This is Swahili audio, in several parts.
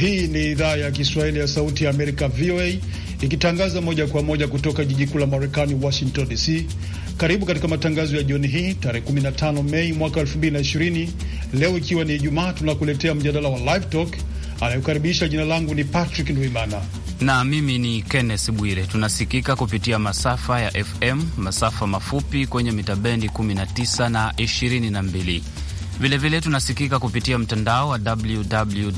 Hii ni idhaa ya Kiswahili ya Sauti ya Amerika, VOA, ikitangaza moja kwa moja kutoka jiji kuu la Marekani, Washington DC. Karibu katika matangazo ya jioni hii tarehe 15 Mei mwaka 2020. Leo ikiwa ni Ijumaa, tunakuletea mjadala wa Live Talk anayokaribisha. Jina langu ni Patrick Ndwimana na mimi ni Kenneth Bwire. Tunasikika kupitia masafa ya FM, masafa mafupi kwenye mitabendi 19 na 22 Vilevile tunasikika kupitia mtandao wa www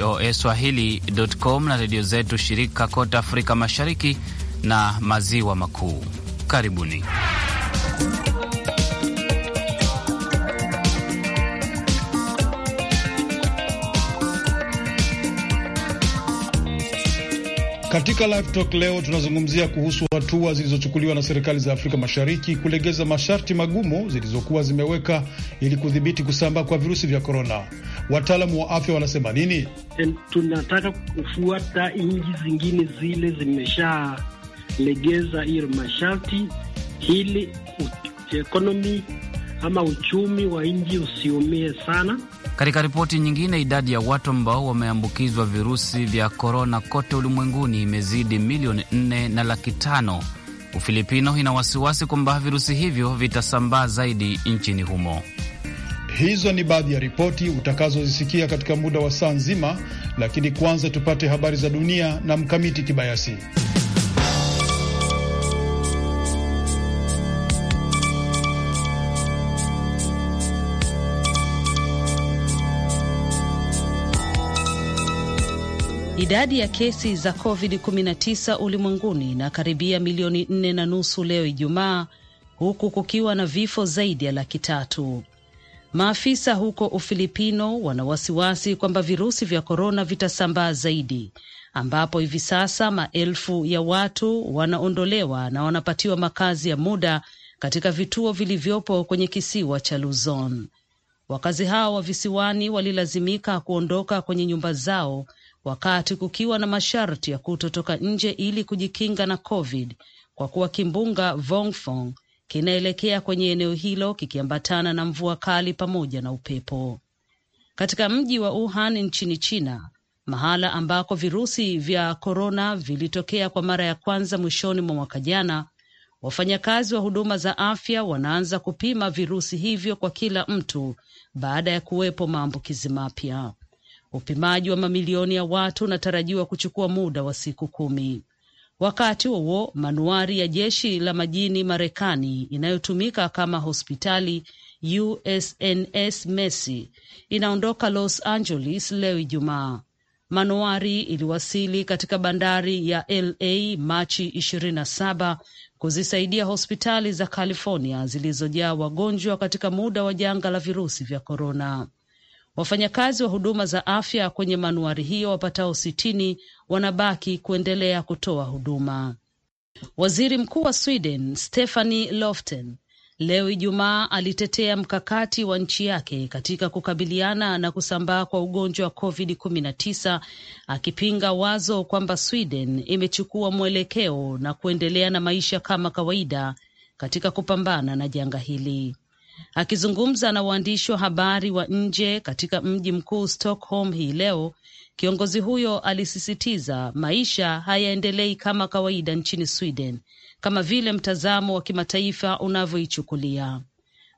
voa swahili.com na redio zetu shirika kote Afrika Mashariki na Maziwa Makuu. Karibuni. Katika Live Talk leo tunazungumzia kuhusu hatua zilizochukuliwa na serikali za Afrika Mashariki kulegeza masharti magumu zilizokuwa zimeweka ili kudhibiti kusambaa kwa virusi vya korona. Wataalamu wa afya wanasema nini? Tunataka kufuata nchi zingine zile zimeshalegeza hiyo masharti ili ekonomi ama uchumi wa nchi usiumie sana katika ripoti nyingine, idadi ya watu ambao wameambukizwa virusi vya korona kote ulimwenguni imezidi milioni nne na laki tano. Ufilipino ina wasiwasi kwamba virusi hivyo vitasambaa zaidi nchini humo. Hizo ni baadhi ya ripoti utakazozisikia katika muda wa saa nzima, lakini kwanza tupate habari za dunia na Mkamiti Kibayasi. Idadi ya kesi za COVID-19 ulimwenguni inakaribia milioni nne na nusu leo Ijumaa, huku kukiwa na vifo zaidi ya laki tatu. Maafisa huko Ufilipino wana wasiwasi kwamba virusi vya korona vitasambaa zaidi, ambapo hivi sasa maelfu ya watu wanaondolewa na wanapatiwa makazi ya muda katika vituo vilivyopo kwenye kisiwa cha Luzon. Wakazi hao wa visiwani walilazimika kuondoka kwenye nyumba zao wakati kukiwa na masharti ya kutotoka nje ili kujikinga na COVID kwa kuwa kimbunga Vongfong kinaelekea kwenye eneo hilo kikiambatana na mvua kali pamoja na upepo. Katika mji wa Wuhan nchini China, mahala ambako virusi vya korona vilitokea kwa mara ya kwanza mwishoni mwa mwaka jana, wafanyakazi wa huduma za afya wanaanza kupima virusi hivyo kwa kila mtu baada ya kuwepo maambukizi mapya. Upimaji wa mamilioni ya watu unatarajiwa kuchukua muda wa siku kumi. Wakati huo manuari ya jeshi la majini Marekani inayotumika kama hospitali USNS Messi inaondoka Los Angeles leo Ijumaa. Manuari iliwasili katika bandari ya LA Machi 27 kuzisaidia hospitali za California zilizojaa wagonjwa katika muda wa janga la virusi vya korona. Wafanyakazi wa huduma za afya kwenye manuari hiyo wapatao sitini wanabaki kuendelea kutoa huduma. Waziri Mkuu wa Sweden Stefani Lofven leo Ijumaa alitetea mkakati wa nchi yake katika kukabiliana na kusambaa kwa ugonjwa wa COVID-19 akipinga wazo kwamba Sweden imechukua mwelekeo na kuendelea na maisha kama kawaida katika kupambana na janga hili. Akizungumza na waandishi wa habari wa nje katika mji mkuu Stockholm hii leo, kiongozi huyo alisisitiza maisha hayaendelei kama kawaida nchini Sweden kama vile mtazamo wa kimataifa unavyoichukulia.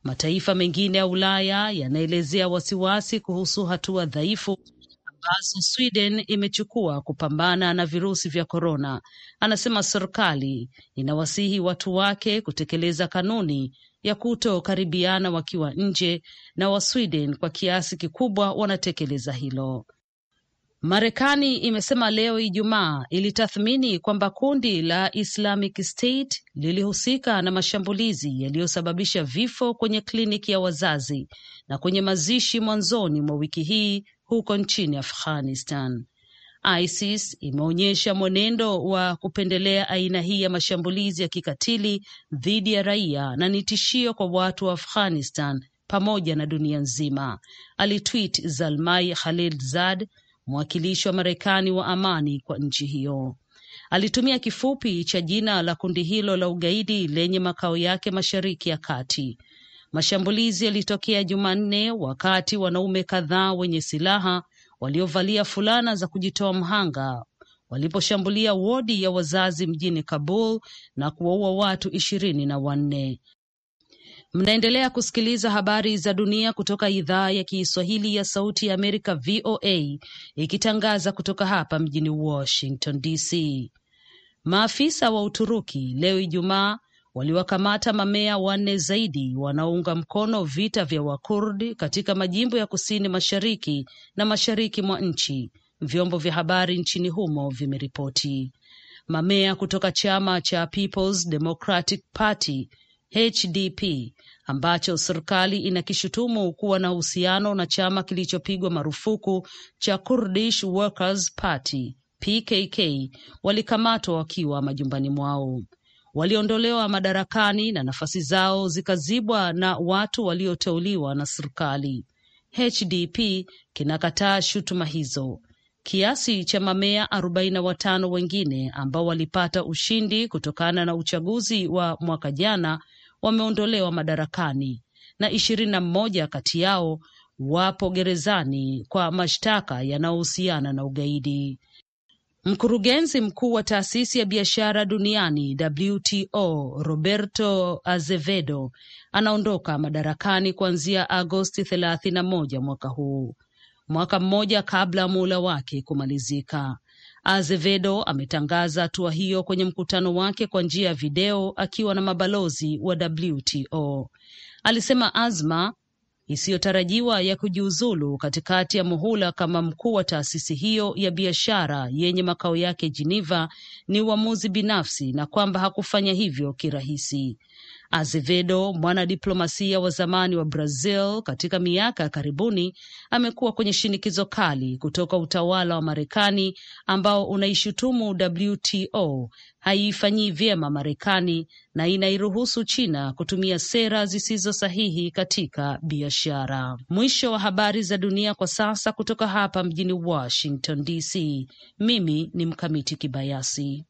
Mataifa mengine ya Ulaya yanaelezea wasiwasi kuhusu hatua dhaifu ambazo Sweden imechukua kupambana na virusi vya korona. Anasema serikali inawasihi watu wake kutekeleza kanuni ya kutokaribiana wakiwa nje, na Wasweden kwa kiasi kikubwa wanatekeleza hilo. Marekani imesema leo Ijumaa ilitathmini kwamba kundi la Islamic State lilihusika na mashambulizi yaliyosababisha vifo kwenye kliniki ya wazazi na kwenye mazishi mwanzoni mwa wiki hii huko nchini Afghanistan. ISIS imeonyesha mwenendo wa kupendelea aina hii ya mashambulizi ya kikatili dhidi ya raia na ni tishio kwa watu wa Afghanistan pamoja na dunia nzima, alitwit Zalmai Khalilzad, mwakilishi wa Marekani wa amani kwa nchi hiyo. Alitumia kifupi cha jina la kundi hilo la ugaidi lenye makao yake Mashariki ya Kati Mashambulizi yalitokea Jumanne wakati wanaume kadhaa wenye silaha waliovalia fulana za kujitoa mhanga waliposhambulia wodi ya wazazi mjini Kabul na kuwaua watu ishirini na wanne. Mnaendelea kusikiliza habari za dunia kutoka idhaa ya Kiswahili ya Sauti ya Amerika, VOA, ikitangaza kutoka hapa mjini Washington DC. Maafisa wa Uturuki leo Ijumaa waliwakamata mamea wanne zaidi wanaounga mkono vita vya Wakurdi katika majimbo ya kusini mashariki na mashariki mwa nchi, vyombo vya habari nchini humo vimeripoti. Mamea kutoka chama cha Peoples Democratic Party HDP ambacho serikali inakishutumu kuwa na uhusiano na chama kilichopigwa marufuku cha Kurdish Workers Party PKK walikamatwa wakiwa majumbani mwao waliondolewa madarakani na nafasi zao zikazibwa na watu walioteuliwa na serikali. HDP kinakataa shutuma hizo. Kiasi cha mamea 45 wengine ambao walipata ushindi kutokana na uchaguzi wa mwaka jana wameondolewa madarakani na ishirini na mmoja kati yao wapo gerezani kwa mashtaka yanayohusiana na ugaidi. Mkurugenzi mkuu wa taasisi ya biashara duniani WTO Roberto Azevedo anaondoka madarakani kuanzia Agosti 31 mwaka huu, mwaka mmoja kabla ya muula wake kumalizika. Azevedo ametangaza hatua hiyo kwenye mkutano wake kwa njia ya video akiwa na mabalozi wa WTO. Alisema azma isiyotarajiwa ya kujiuzulu katikati ya muhula kama mkuu wa taasisi hiyo ya biashara yenye makao yake Geneva ni uamuzi binafsi na kwamba hakufanya hivyo kirahisi. Azevedo, mwanadiplomasia wa zamani wa Brazil, katika miaka ya karibuni amekuwa kwenye shinikizo kali kutoka utawala wa Marekani ambao unaishutumu WTO haiifanyii vyema Marekani na inairuhusu China kutumia sera zisizo sahihi katika biashara. Mwisho wa habari za dunia kwa sasa kutoka hapa mjini Washington DC. Mimi ni Mkamiti Kibayasi.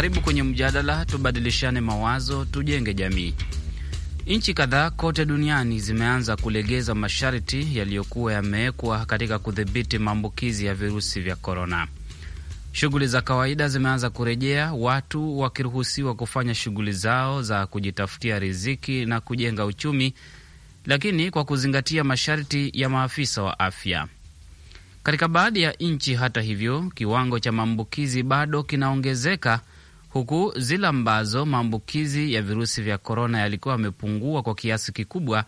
Karibu kwenye mjadala, tubadilishane mawazo, tujenge jamii. Nchi kadhaa kote duniani zimeanza kulegeza masharti yaliyokuwa yamewekwa katika kudhibiti maambukizi ya virusi vya korona. Shughuli za kawaida zimeanza kurejea, watu wakiruhusiwa kufanya shughuli zao za kujitafutia riziki na kujenga uchumi, lakini kwa kuzingatia masharti ya maafisa wa afya. Katika baadhi ya nchi, hata hivyo, kiwango cha maambukizi bado kinaongezeka huku zile ambazo maambukizi ya virusi vya korona yalikuwa yamepungua kwa kiasi kikubwa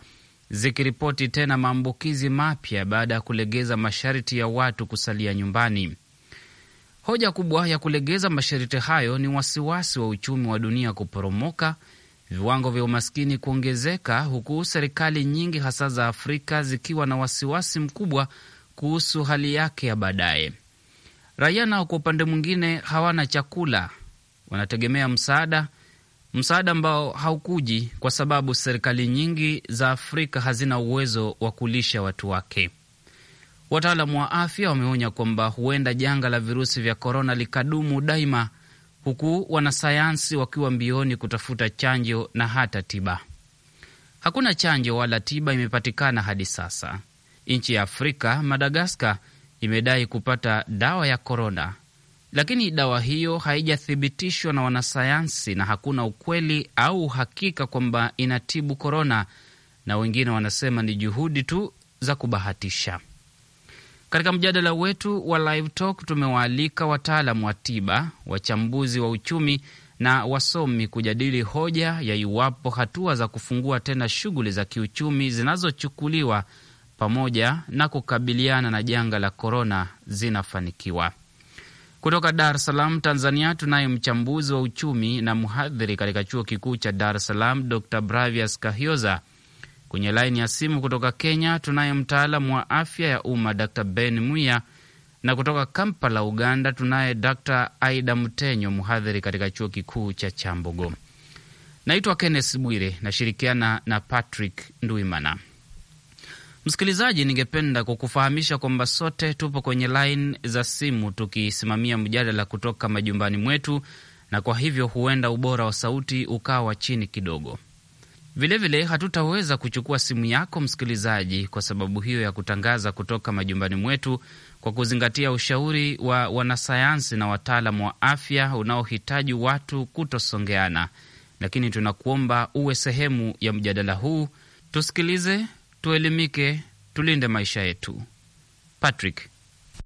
zikiripoti tena maambukizi mapya baada ya kulegeza masharti ya watu kusalia nyumbani. Hoja kubwa ya kulegeza masharti hayo ni wasiwasi wa uchumi wa dunia kuporomoka, viwango vya umaskini kuongezeka, huku serikali nyingi hasa za Afrika zikiwa na wasiwasi mkubwa kuhusu hali yake ya baadaye. Raia nao kwa upande mwingine hawana chakula, wanategemea msaada, msaada ambao haukuji kwa sababu serikali nyingi za Afrika hazina uwezo wa kulisha watu wake. Wataalamu wa afya wameonya kwamba huenda janga la virusi vya korona likadumu daima, huku wanasayansi wakiwa mbioni kutafuta chanjo na hata tiba. Hakuna chanjo wala tiba imepatikana hadi sasa. Nchi ya Afrika Madagaskar imedai kupata dawa ya korona lakini dawa hiyo haijathibitishwa na wanasayansi na hakuna ukweli au uhakika kwamba inatibu korona, na wengine wanasema ni juhudi tu za kubahatisha. Katika mjadala wetu wa Live Talk tumewaalika wataalamu wa tiba, wachambuzi wa uchumi na wasomi kujadili hoja ya iwapo hatua za kufungua tena shughuli za kiuchumi zinazochukuliwa pamoja na kukabiliana na janga la korona zinafanikiwa. Kutoka Dar es Salaam, Tanzania, tunaye mchambuzi wa uchumi na mhadhiri katika chuo kikuu cha Dar es Salaam, Dr Bravias Kahioza. Kwenye laini ya simu kutoka Kenya tunaye mtaalamu wa afya ya umma Dr Ben Muya, na kutoka Kampala, Uganda, tunaye Dr Aida Mtenyo, mhadhiri katika chuo kikuu cha Chambogo. Naitwa Kenneth Bwire, nashirikiana na Patrick Ndwimana. Msikilizaji, ningependa kukufahamisha kwamba sote tupo kwenye laini za simu tukisimamia mjadala kutoka majumbani mwetu, na kwa hivyo huenda ubora wa sauti ukawa chini kidogo. Vilevile hatutaweza kuchukua simu yako msikilizaji, kwa sababu hiyo ya kutangaza kutoka majumbani mwetu, kwa kuzingatia ushauri wa wanasayansi na wataalamu wa afya unaohitaji watu kutosongeana. Lakini tunakuomba uwe sehemu ya mjadala huu, tusikilize tuelimike, tulinde maisha yetu. Patrick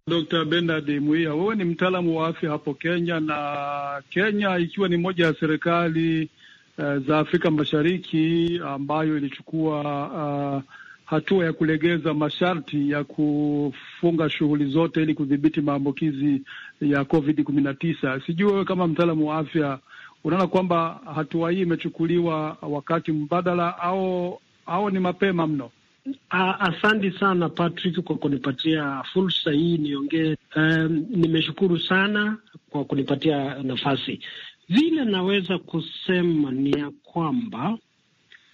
Dr. Benard mwia wewe ni mtaalamu wa afya hapo Kenya, na Kenya ikiwa ni moja ya serikali uh, za Afrika Mashariki ambayo ilichukua uh, hatua ya kulegeza masharti ya kufunga shughuli zote ili kudhibiti maambukizi ya COVID kumi na tisa. Sijui wewe kama mtaalamu wa afya unaona kwamba hatua hii imechukuliwa wakati mbadala au au ni mapema mno? Ah, asante sana Patrick kwa kunipatia fursa hii niongee. Um, nimeshukuru sana kwa kunipatia nafasi. Vile naweza kusema ni ya kwamba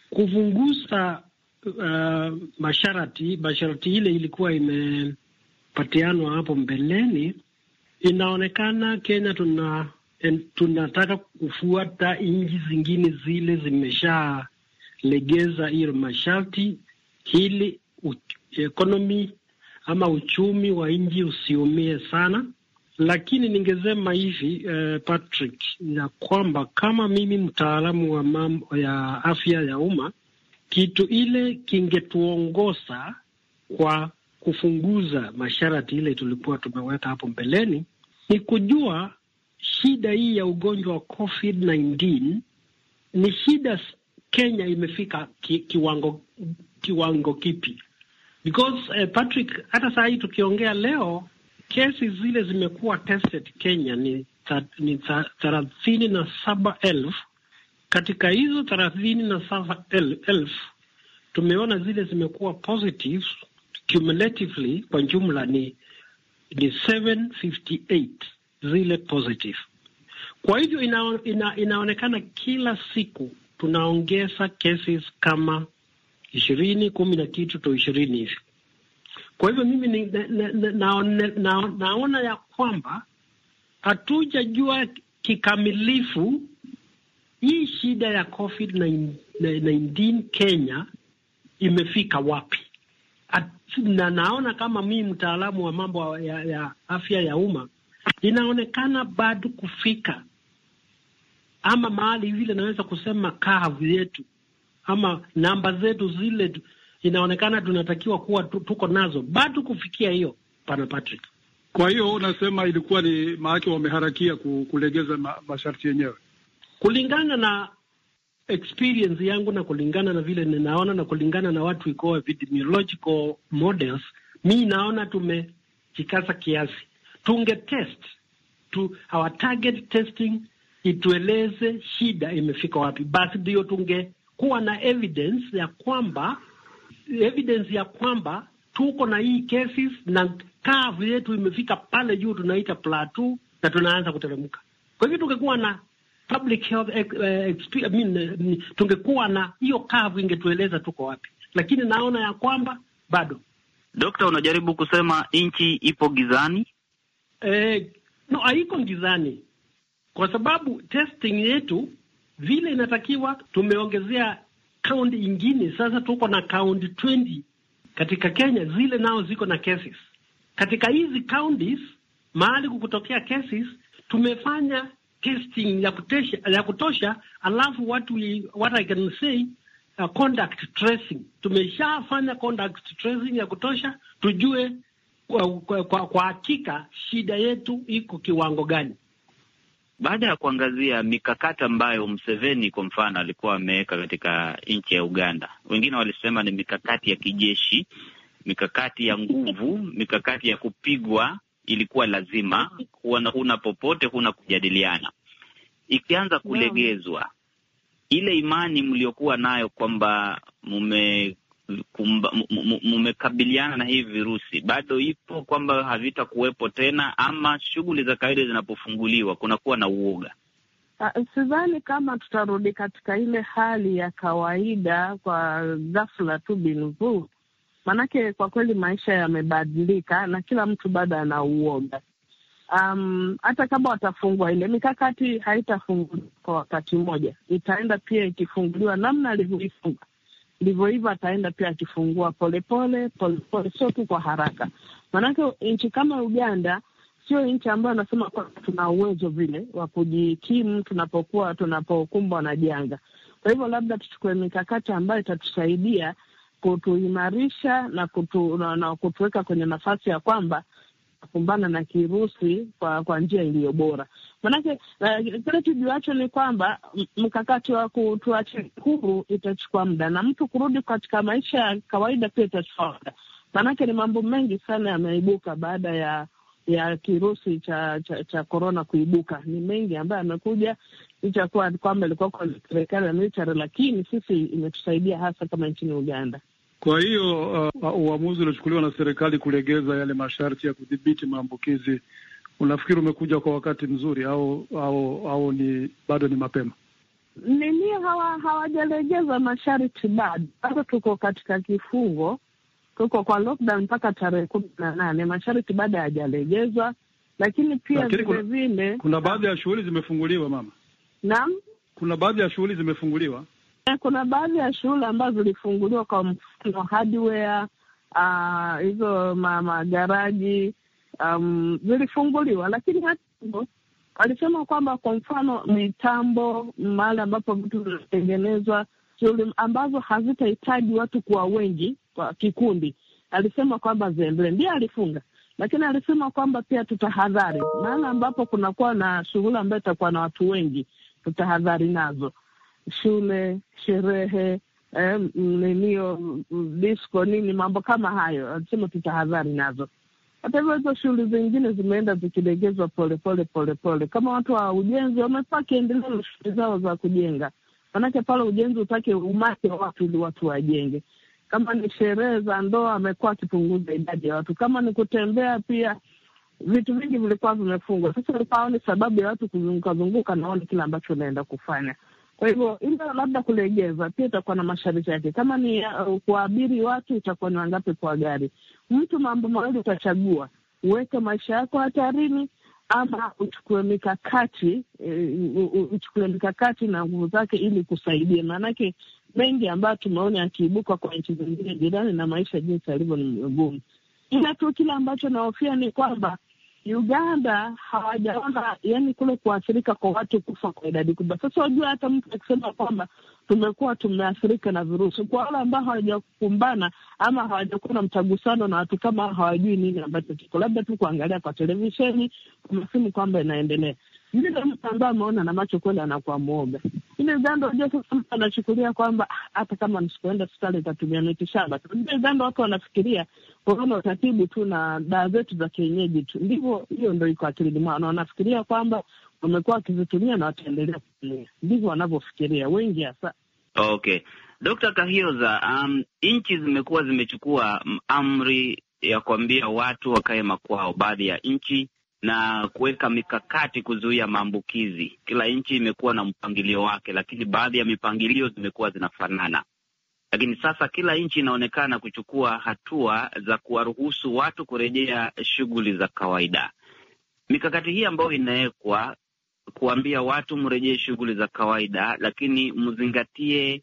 kuvungusa uh, masharti masharti ile ilikuwa imepatianwa hapo mbeleni, inaonekana Kenya tuna tunataka kufuata nchi zingine zile zimeshalegeza hiyo masharti ili economy ama uchumi wa nchi usiumie sana, lakini ningesema hivi eh, Patrick, ya kwamba kama mimi mtaalamu wa mambo ya afya ya umma, kitu ile kingetuongoza kwa kufunguza masharti ile tulikuwa tumeweka hapo mbeleni ni kujua shida hii ya ugonjwa wa COVID-19 ni shida Kenya imefika ki, kiwango kiwango kipi? Because uh, Patrick, hata saa hii tukiongea leo kesi zile zimekuwa tested Kenya ni thelathini na saba elfu. Katika hizo thelathini na saba elfu tumeona zile zimekuwa positive cumulatively, kwa jumla ni ni 758 zile positive. Kwa hivyo ina, ina, inaonekana kila siku tunaongeza cases kama ishirini kumi na kitu to ishirini hivi. Kwa hivyo mimi ni, na, na, na, na, na, naona ya kwamba hatujajua kikamilifu hii shida ya COVID-19 Kenya imefika wapi. At, na naona kama mii mtaalamu wa mambo ya, ya afya ya umma inaonekana bado kufika ama mahali vile naweza kusema kavu yetu ama namba zetu zile inaonekana tunatakiwa kuwa tuko nazo bado kufikia hiyo, pana Patrick. Kwa hiyo unasema ilikuwa ni maake wameharakia kulegeza ma, masharti yenyewe kulingana na experience yangu na kulingana na vile ninaona na kulingana na watu iko epidemiological models, mi naona tumejikaza kiasi. Tunge test tu, our target testing itueleze shida imefika wapi, basi ndio tunge kuwa na evidence ya kwamba evidence ya kwamba tuko na hii cases na curve yetu imefika pale juu, tunaita plateau na tunaanza kuteremka. Kwa hivyo tungekuwa na public health eh, eh, I mean, eh, tungekuwa na hiyo curve ingetueleza tuko wapi, lakini naona ya kwamba bado. Dokta, unajaribu kusema nchi ipo gizani? Eh, no, haiko gizani kwa sababu testing yetu vile inatakiwa. Tumeongezea kaunti ingine, sasa tuko na kaunti 20 katika Kenya, zile nao ziko na cases. Katika hizi counties mahali kukutokea cases, tumefanya testing ya kutosha, ya kutosha alafu what we, what I can say uh, conduct tracing. Tumeshafanya conduct tracing ya kutosha tujue kwa, kwa, kwa, kwa hakika shida yetu iko kiwango gani baada ya kuangazia mikakati ambayo Mseveni kwa mfano alikuwa ameweka katika nchi ya Uganda, wengine walisema ni mikakati ya kijeshi, mikakati ya nguvu, mikakati ya kupigwa, ilikuwa lazima, huna, huna popote, huna kujadiliana. Ikianza kulegezwa ile imani mliokuwa nayo kwamba mume mmekabiliana na hivi virusi bado ipo kwamba havitakuwepo tena, ama shughuli za kawaida zinapofunguliwa kunakuwa na uoga? Ah, sidhani kama tutarudi katika ile hali ya kawaida kwa ghafla tu bilvu, maanake kwa kweli maisha yamebadilika na kila mtu bado ana uoga. Um, hata kama watafungua ile mikakati haitafunguliwa kwa wakati mmoja, itaenda pia ikifunguliwa namna alivyoifunga ndivyo hivyo ataenda pia akifungua polepole polepole, sio tu kwa haraka. Maanake nchi kama Uganda sio nchi ambayo anasema kwa tuna uwezo vile wa kujikimu tunapokuwa tunapokumbwa na janga. Kwa hivyo labda tuchukue mikakati ambayo itatusaidia kutuimarisha na, kutu, na, na kutuweka kwenye nafasi ya kwamba kukumbana na kirusi kwa, kwa njia iliyo bora. Manake uh, kile tujuacho ni kwamba mkakati wa kutuachi huru itachukua muda na mtu kurudi katika maisha ya kawaida pia itachukua muda, maanake ni mambo mengi sana yameibuka baada ya ya kirusi cha cha korona kuibuka. Ni mengi ambayo amekuja licha kuwa kwamba ilikuwa kwa serikali ya military, lakini sisi imetusaidia hasa kama nchini Uganda. Kwa hiyo uh, uamuzi uliochukuliwa na serikali kulegeza yale masharti ya kudhibiti maambukizi unafikiri umekuja kwa wakati mzuri au au au ni bado ni mapema? Nini, hawa hawajarejeza masharti bado, bado tuko katika kifungo, tuko kwa lockdown mpaka tarehe kumi na nane. Masharti bado hayajalegezwa, lakini pia vilevile kuna, kuna baadhi ya shughuli zimefunguliwa mama. Naam, kuna baadhi ya shughuli zimefunguliwa, eh, kuna baadhi ya shughuli ambazo zilifunguliwa, kwa mfano hardware ah, hizo, uh, magaraji um, zilifunguliwa, lakini hata hivyo walisema kwamba kwa mfano mitambo mahali ambapo vitu vinatengenezwa shughuli ambazo hazitahitaji watu kuwa wengi kwa kikundi, alisema kwamba ziendelee. Ndiye alifunga, lakini alisema kwamba pia tutahadhari mahala ambapo kunakuwa na shughuli ambayo itakuwa na watu wengi, tutahadhari nazo shule, sherehe eh, ninio disko nini, mambo kama hayo, alisema tutahadhari nazo. Hata hivyo hizo shughuli zingine zimeenda zikilegezwa polepole polepole, kama watu wa ujenzi wamekuwa wakiendelea na shughuli zao za kujenga, manake pale ujenzi utake umake watu ili watu wajenge. Kama ni sherehe za ndoa, amekuwa akipunguza idadi ya watu. Kama ni kutembea pia vitu vingi vilikuwa vimefungwa. Sasa ulikuwa sababu ya watu kuzunguka zunguka, kile ambacho unaenda kufanya. Kwa hivyo ila labda kulegeza pia itakuwa na masharti yake, kama ni uh, kuwaabiri watu itakuwa ni wangapi kwa gari. Mtu mambo mawili utachagua, uweke maisha yako hatarini ama uchukue mikakati uh, uchukue mikakati na nguvu zake ili kusaidia. Maanake mengi ambayo tumeona yakiibuka kwa nchi zingine jirani na maisha jinsi yalivyo ni mgumu, ila tu kile ambacho nahofia ni kwamba Uganda hawajaona yani kule kuathirika kwa watu kufa kwa idadi kubwa. Sasa wajua, hata mtu akisema kwamba tumekuwa tumeathirika na virusi, kwa wale ambao hawajakumbana ama hawajakuwa na mtagusano na watu kama hawajui nini ambacho kiko, labda tu kuangalia kwa televisheni, kwa masimu kwamba inaendelea. Yule mtu ambaye ameona na macho kweli anakuwa mwoga. Ile dhambi unajua, sasa mtu anachukulia kwamba hata kama nisipoenda hospitali itatumia miti shamba. Ile dhambi watu wanafikiria korona utatibu tu na dawa zetu za kienyeji tu, ndivyo hiyo ndo iko akilini mwao, na wanafikiria kwamba wamekuwa wakizitumia na wataendelea kutumia, ndivyo wanavyofikiria wengi hasa. Okay, Dr. Kahioza, um, nchi zimekuwa zimechukua amri ya kuambia watu wakae makwao, baadhi ya nchi na kuweka mikakati kuzuia maambukizi. Kila nchi imekuwa na mpangilio wake, lakini baadhi ya mipangilio zimekuwa zinafanana. Lakini sasa kila nchi inaonekana kuchukua hatua za kuwaruhusu watu kurejea shughuli za kawaida. Mikakati hii ambayo inawekwa kuambia watu mrejee shughuli za kawaida, lakini mzingatie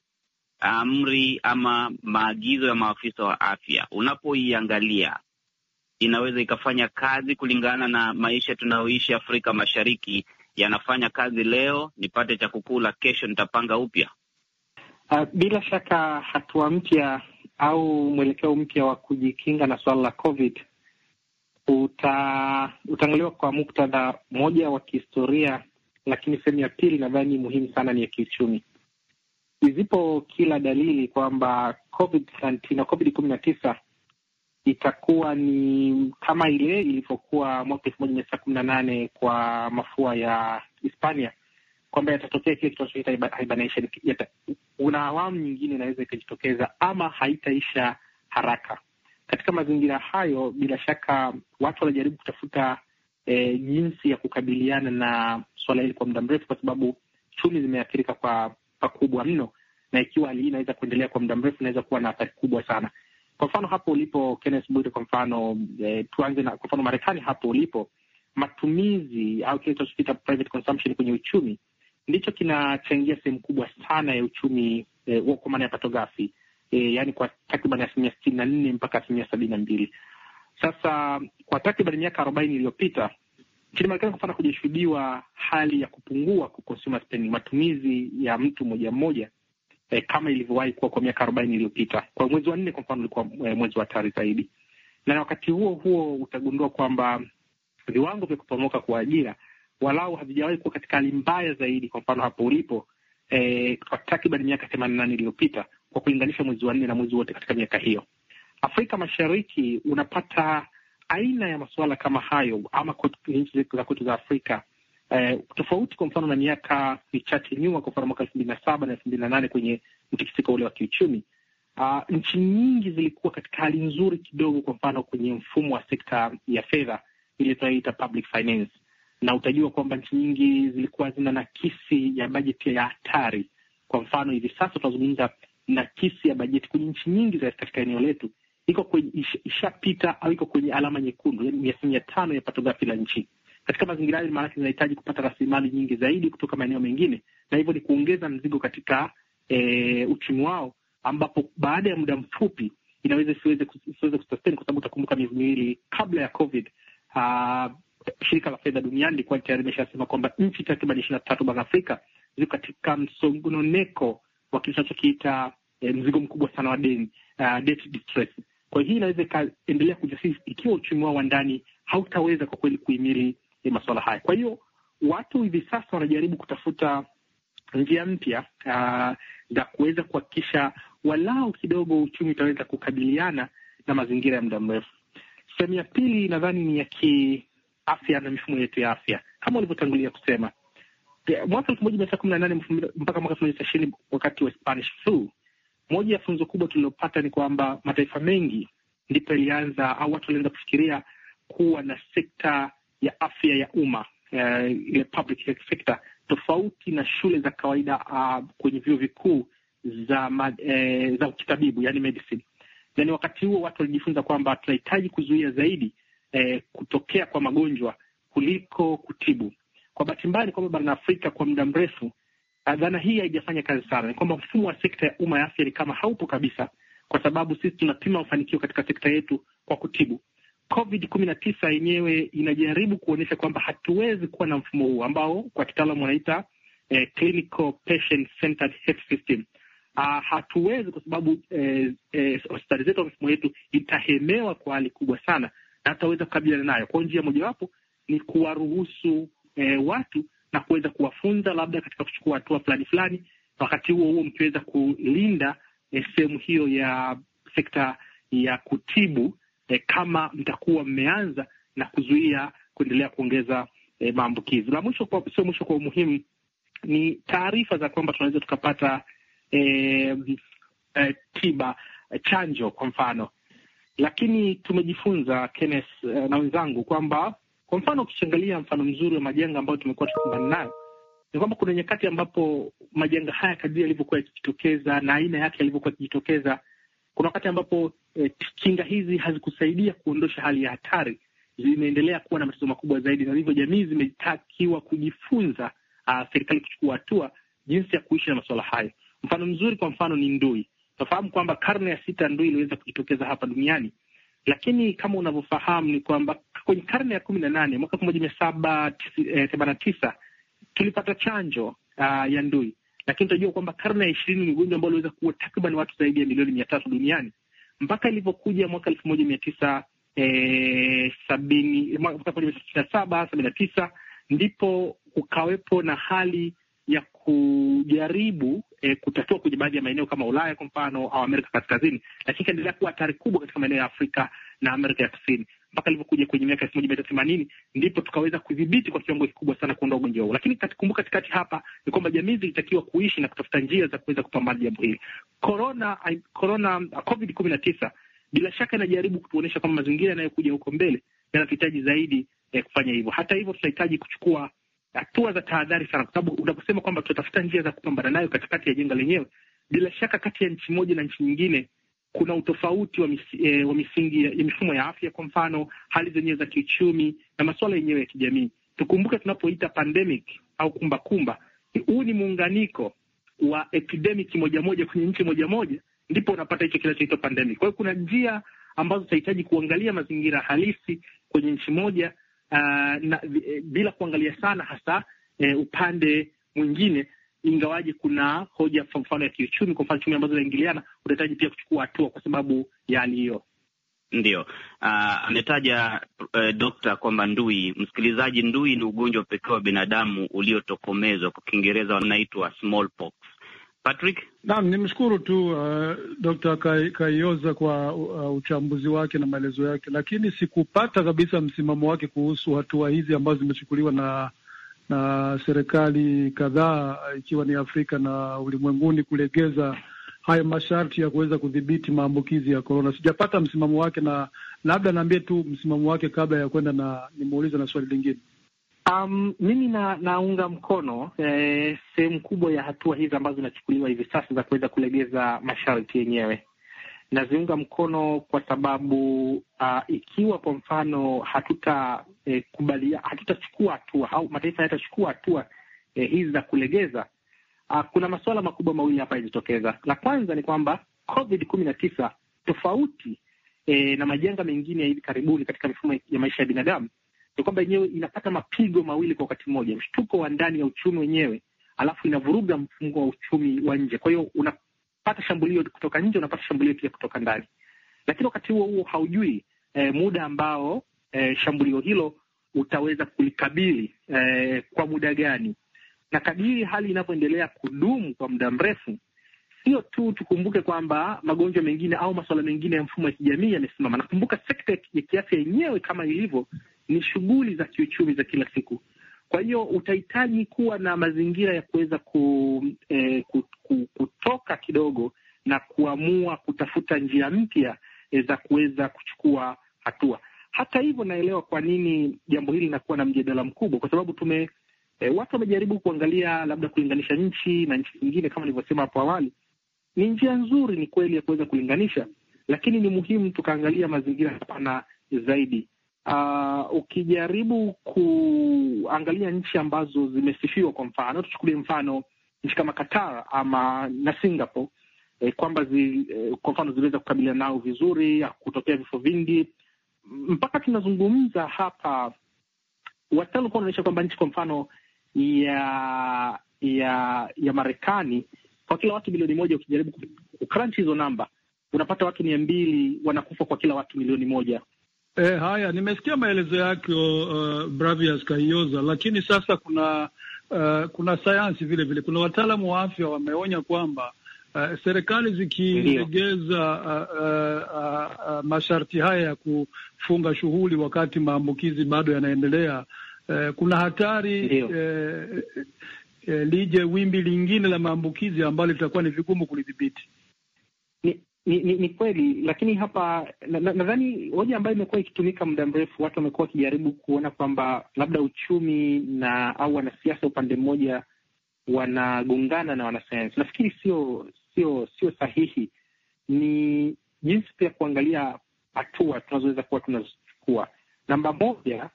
amri ama maagizo ya maafisa wa afya. Unapoiangalia inaweza ikafanya kazi kulingana na maisha tunayoishi Afrika Mashariki. Yanafanya kazi leo, nipate cha kukula, kesho nitapanga upya. Ah, bila shaka hatua mpya au mwelekeo mpya wa kujikinga na suala la COVID uta, utaangaliwa kwa muktadha moja wa kihistoria, lakini sehemu ya pili nadhani muhimu sana ni ya kiuchumi. Izipo kila dalili kwamba COVID-19 na COVID kumi na tisa itakuwa ni kama ile ilivyokuwa mwaka elfu moja mia tisa kumi na nane kwa mafua ya Hispania, kwamba yatatokea kile kinachoita hibernation. Kuna awamu nyingine inaweza ikajitokeza, ama haitaisha haraka. Katika mazingira hayo, bila shaka watu wanajaribu kutafuta e, jinsi ya kukabiliana na suala hili kwa muda mrefu, kwa sababu chumi zimeathirika kwa pakubwa mno, na ikiwa hali hii inaweza kuendelea kwa muda mrefu, inaweza kuwa na athari kubwa sana. Kwa mfano hapo ulipo Kenneth Bwire, kwa mfano eh, tuanze na kwa mfano Marekani hapo ulipo, matumizi au kile tunachokiita private consumption kwenye uchumi ndicho kinachangia sehemu kubwa sana ya uchumi eh, kwa maana ya pato ghafi eh, yani kwa takriban asilimia sitini na nne mpaka asilimia sabini na mbili. Sasa kwa takriban miaka arobaini iliyopita nchini Marekani kwa mfano, kujishuhudiwa hali ya kupungua kwa consumer spending, matumizi ya mtu moja mmoja eh, kama ilivyowahi kuwa kwa miaka arobaini iliyopita. Kwa mwezi wa nne kwa mfano ulikuwa eh, mwezi wa hatari zaidi, na wakati huo huo utagundua kwamba viwango vya kuporomoka kwa ajira walau havijawahi kuwa katika hali mbaya zaidi, kwa mfano hapo ulipo eh, kwa takriban miaka themanini na nane iliyopita kwa kulinganisha mwezi wa nne na mwezi wote katika miaka hiyo. Afrika Mashariki unapata aina ya masuala kama hayo ama nchi za kwetu za Afrika eh, tofauti kwa mfano na miaka michache nyuma, kwa mfano mwaka elfu mbili na saba na elfu mbili na nane kwenye mtikisiko ule wa kiuchumi. Uh, nchi nyingi zilikuwa katika hali nzuri kidogo, kwa mfano kwenye mfumo wa sekta ya fedha ile tunayoita public finance, na utajua kwamba nchi nyingi zilikuwa zina nakisi ya bajeti ya hatari. Kwa mfano hivi sasa tunazungumza nakisi ya bajeti kwenye nchi nyingi za katika eneo letu iko ishapita au iko kwenye alama nyekundu, yaani asilimia tano ya pato ghafi la nchi katika mazingira hayo, maanake zinahitaji kupata rasilimali nyingi zaidi kutoka maeneo mengine, na hivyo ni kuongeza mzigo katika e, uchumi wao, ambapo baada ya muda mfupi inaweza siweze kusustain, kwa sababu utakumbuka miezi miwili kabla ya COVID aa, ah, shirika la fedha duniani likuwa tayari imeshasema kwamba nchi takriban ishirini na tatu bara Afrika ziko katika msongoneko wa kile tunachokiita e, mzigo mkubwa sana wa deni uh, debt distress. Kwa hiyo hii inaweza ikaendelea kujasisi ikiwa uchumi wao wa ndani hautaweza kwa kweli kuhimili ya masuala haya. Kwa hiyo watu hivi sasa wanajaribu kutafuta njia mpya ah, za kuweza kuhakikisha walau kidogo uchumi utaweza kukabiliana na mazingira ya muda mrefu. Sehemu ya pili nadhani ni ya kiafya na mifumo yetu ya afya, kama ulivyotangulia kusema mwaka elfu moja mia tisa kumi na nane mpaka mwaka elfu moja ishirini wakati wa Spanish flu, moja ya funzo kubwa tulilopata ni kwamba mataifa mengi ndipo ilianza au watu walianza kufikiria kuwa na sekta ya afya ya umma uh, ile public sector, tofauti na shule za kawaida uh, kwenye vyuo vikuu za eh, za kitabibu yani medicine. Yani wakati huo watu walijifunza kwamba tunahitaji kuzuia zaidi eh, kutokea kwa magonjwa kuliko kutibu. Kwa bahati mbaya ni kwamba barani Afrika kwa muda mrefu ah, dhana hii haijafanya kazi sana. Ni kwamba mfumo wa sekta ya umma ya afya ni kama haupo kabisa, kwa sababu sisi tunapima mafanikio katika sekta yetu kwa kutibu, COVID kumi na tisa yenyewe inajaribu kuonyesha kwamba hatuwezi kuwa na mfumo huu ambao kwa kitaalamu wanaita eh, clinical patient centered health system. Ah, hatuwezi kwa sababu eh, eh, hospitali zetu, mfumo yetu itahemewa kwa hali kubwa sana, na hataweza kukabiliana nayo. Kwa njia mojawapo ni kuwaruhusu eh, watu na kuweza kuwafunza labda katika kuchukua hatua fulani fulani, wakati huo huo mkiweza kulinda eh, sehemu hiyo ya sekta ya kutibu eh, kama mtakuwa mmeanza na kuzuia kuendelea kuongeza eh, maambukizi. La mwisho sio mwisho kwa umuhimu, ni taarifa za kwamba tunaweza tukapata eh, eh, tiba eh, chanjo kwa mfano, lakini tumejifunza Kenneth eh, na wenzangu kwamba kwa mfano ukichangalia mfano mzuri wa majanga ambayo tumekuwa tukikumbana nayo ni kwamba kuna nyakati ambapo majanga haya kadiri yalivyokuwa yakijitokeza na aina yake yalivyokuwa yakijitokeza kuna wakati ambapo eh, kinga hizi hazikusaidia kuondosha hali ya hatari, zimeendelea kuwa na matatizo makubwa zaidi, na hivyo jamii zimetakiwa kujifunza, uh, serikali kuchukua hatua jinsi ya kuishi na masuala hayo. Mfano mzuri kwa mfano ni ndui. Tunafahamu kwamba karne ya sita ndui iliweza kujitokeza hapa duniani, lakini kama unavyofahamu ni kwamba kwenye karne ya kumi na nane mwaka elfu moja mia saba eh, themanini na tisa tulipata chanjo uh, ya ndui lakini tunajua kwamba karne ya ishirini ni ugonjwa ambao uliweza kuua takriban watu zaidi ya milioni mia tatu duniani mpaka ilivyokuja mwaka elfu moja mia tisa eh, sabini mwaka elfu moja mia tisa sitini na saba sabini na tisa ndipo kukawepo na hali ya kujaribu eh, kutatua kwenye baadhi ya maeneo kama Ulaya kwa mfano au Amerika Kaskazini, lakini ikaendelea kuwa hatari kubwa katika maeneo ya Afrika na Amerika ya Kusini mpaka ilivyokuja kwenye miaka elfu moja mia tisa themanini ndipo tukaweza kudhibiti kwa kiwango kikubwa sana kuondoa ugonjwa huo. Lakini kumbuka, katikati hapa ni kwamba jamii zilitakiwa kuishi na kutafuta njia za kuweza kupambana jambo hili. Corona, corona, covid kumi na tisa bila shaka inajaribu kutuonyesha kwamba mazingira yanayokuja huko mbele yanahitaji zaidi ya eh, kufanya hivyo. Hata hivyo, tunahitaji kuchukua hatua za tahadhari sana, kwa sababu unaposema kwamba tutatafuta njia za kupambana nayo katikati ya jenga lenyewe, bila shaka kati ya nchi moja na nchi nyingine kuna utofauti wa, misi, e, wa misingi ya, ya mifumo ya afya, kwa mfano hali zenyewe za kiuchumi na masuala yenyewe ya kijamii. Tukumbuke tunapoita pandemic au kumbakumba, huu ni muunganiko wa epidemic moja moja kwenye nchi moja moja, ndipo unapata hicho kinachoitwa pandemic. Kwa hiyo kuna njia ambazo zitahitaji kuangalia mazingira halisi kwenye nchi moja, uh, na, e, bila kuangalia sana hasa eh, upande mwingine ingawaje kuna hoja kwa mfano ya kiuchumi, kwa mfano chumi ambazo zinaingiliana, utahitaji pia kuchukua hatua kwa sababu ya hali hiyo. ndio uh, ametaja uh, dokta kwamba ndui, msikilizaji, ndui ni ugonjwa pekee wa binadamu uliotokomezwa, kwa Kiingereza wanaitwa smallpox. Patrick, naam, nimshukuru tu uh, eh, Dr. Kaioza kwa uh, uchambuzi wake na maelezo yake, lakini sikupata kabisa msimamo wake kuhusu hatua hizi ambazo zimechukuliwa na na serikali kadhaa ikiwa ni Afrika na ulimwenguni kulegeza haya masharti ya kuweza kudhibiti maambukizi ya korona. Sijapata msimamo wake, na labda naambie tu msimamo wake kabla ya kwenda na nimuuliza na swali lingine. Um, mimi na, naunga mkono eh, sehemu kubwa ya hatua hizi ambazo zinachukuliwa hivi sasa za kuweza kulegeza masharti yenyewe naziunga mkono kwa sababu uh, ikiwa kwa mfano hatutakubali eh, hatutachukua hatua au mataifa yatachukua hatua eh, hizi za kulegeza uh, kuna masuala makubwa mawili hapa yajitokeza. La kwanza ni kwamba COVID kumi na tisa tofauti eh, na majanga mengine ya hivi karibuni katika mifumo ya maisha ya binadamu ni kwamba yenyewe inapata mapigo mawili kwa wakati mmoja, mshtuko wa ndani ya uchumi wenyewe alafu inavuruga mfungo wa uchumi wa nje. Kwa hiyo unapata shambulio kutoka nje, unapata shambulio pia kutoka ndani, lakini wakati huo huo haujui eh, muda ambao eh, shambulio hilo utaweza kulikabili eh, kwa muda gani, na kadiri hali inavyoendelea kudumu kwa muda mrefu Sio tu tukumbuke kwamba magonjwa mengine au masuala mengine ya mfumo wa kijamii yamesimama. Nakumbuka sekta ya kiafya yenyewe kama ilivyo ni shughuli za kiuchumi za kila siku. Kwa hiyo utahitaji kuwa na mazingira ya kuweza ku, eh, kutoka kidogo na kuamua kutafuta njia mpya eh, za kuweza kuchukua hatua. Hata hivyo, naelewa kwa nini jambo hili linakuwa na mjadala mkubwa, kwa sababu tume eh, watu wamejaribu kuangalia labda kulinganisha nchi na nchi zingine, kama nilivyosema hapo awali. Ni njia nzuri, ni kweli, ya kuweza kulinganisha, lakini ni muhimu tukaangalia mazingira hapana zaidi Uh, ukijaribu kuangalia nchi ambazo zimesifiwa, kwa mfano tuchukulie mfano nchi kama Qatar ama na Singapore eh, kwamba zi, eh, kwa mfano ziliweza kukabiliana nao vizuri, kutokea vifo vingi mpaka tunazungumza hapa. Wataalam walikuwa wanaonyesha kwamba nchi kwa mfano ya ya ya Marekani kwa kila watu milioni moja, ukijaribu kucrunch hizo namba unapata watu mia mbili wanakufa kwa kila watu milioni moja E, haya nimesikia maelezo yako uh, eh, Bravias Kaioza, lakini sasa kuna uh, kuna sayansi vile vile, kuna wataalamu wa afya wameonya kwamba uh, serikali zikilegeza uh, uh, uh, uh, masharti haya ya kufunga shughuli wakati maambukizi bado yanaendelea, uh, kuna hatari uh, uh, lije wimbi lingine la maambukizi ambalo litakuwa ni vigumu kulidhibiti ni, ni, ni kweli, lakini hapa nadhani na, na hoja ambayo imekuwa ikitumika muda mrefu, watu wamekuwa wakijaribu kuona kwamba labda uchumi na au wanasiasa upande mmoja wanagongana na wanasayansi. Nafikiri sio sio sio sahihi, ni jinsi pia kuangalia hatua tunazoweza kuwa tunazochukua. Namba moja,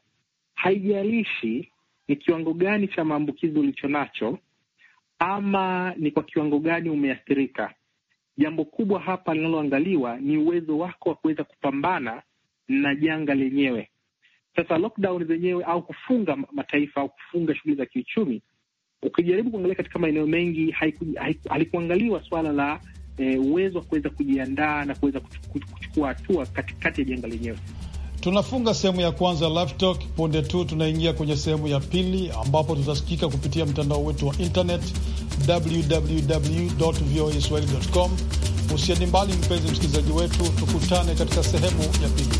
haijalishi ni kiwango gani cha maambukizi ulicho nacho ama ni kwa kiwango gani umeathirika Jambo kubwa hapa linaloangaliwa ni uwezo wako wa kuweza kupambana na janga lenyewe. Sasa lockdown zenyewe au kufunga mataifa au kufunga shughuli za kiuchumi, ukijaribu kuangalia katika maeneo mengi haiku, halikuangaliwa swala la eh, uwezo wa kuweza kujiandaa na kuweza kuchukua hatua katikati ya janga lenyewe. Tunafunga sehemu ya kwanza Live Talk. Punde tu tunaingia kwenye sehemu ya pili ambapo tutasikika kupitia mtandao wetu wa internet www voa swahili com. Usieni mbali, mpenzi msikilizaji wetu, tukutane katika sehemu ya pili.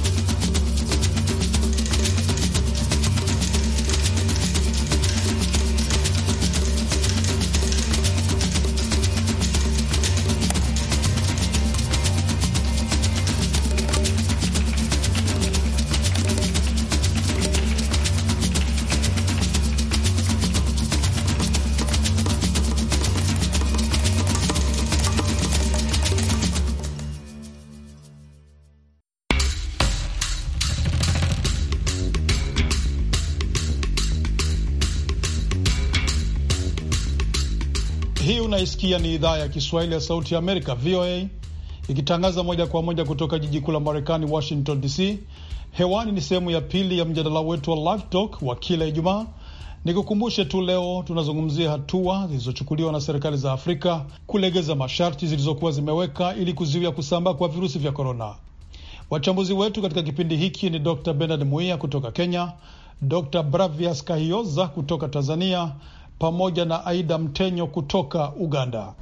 Hii unaisikia ni idhaa ya Kiswahili ya Sauti ya Amerika, VOA, ikitangaza moja kwa moja kutoka jiji kuu la Marekani, Washington DC. Hewani ni sehemu ya pili ya mjadala wetu wa Live Talk wa kila Ijumaa. Nikukumbushe tu, leo tunazungumzia hatua zilizochukuliwa na serikali za Afrika kulegeza masharti zilizokuwa zimeweka ili kuzuia kusambaa kwa virusi vya korona. Wachambuzi wetu katika kipindi hiki ni Dr Bernard Muia kutoka Kenya, Dr Bravias Kahioza kutoka Tanzania pamoja na Aida Mtenyo kutoka Uganda.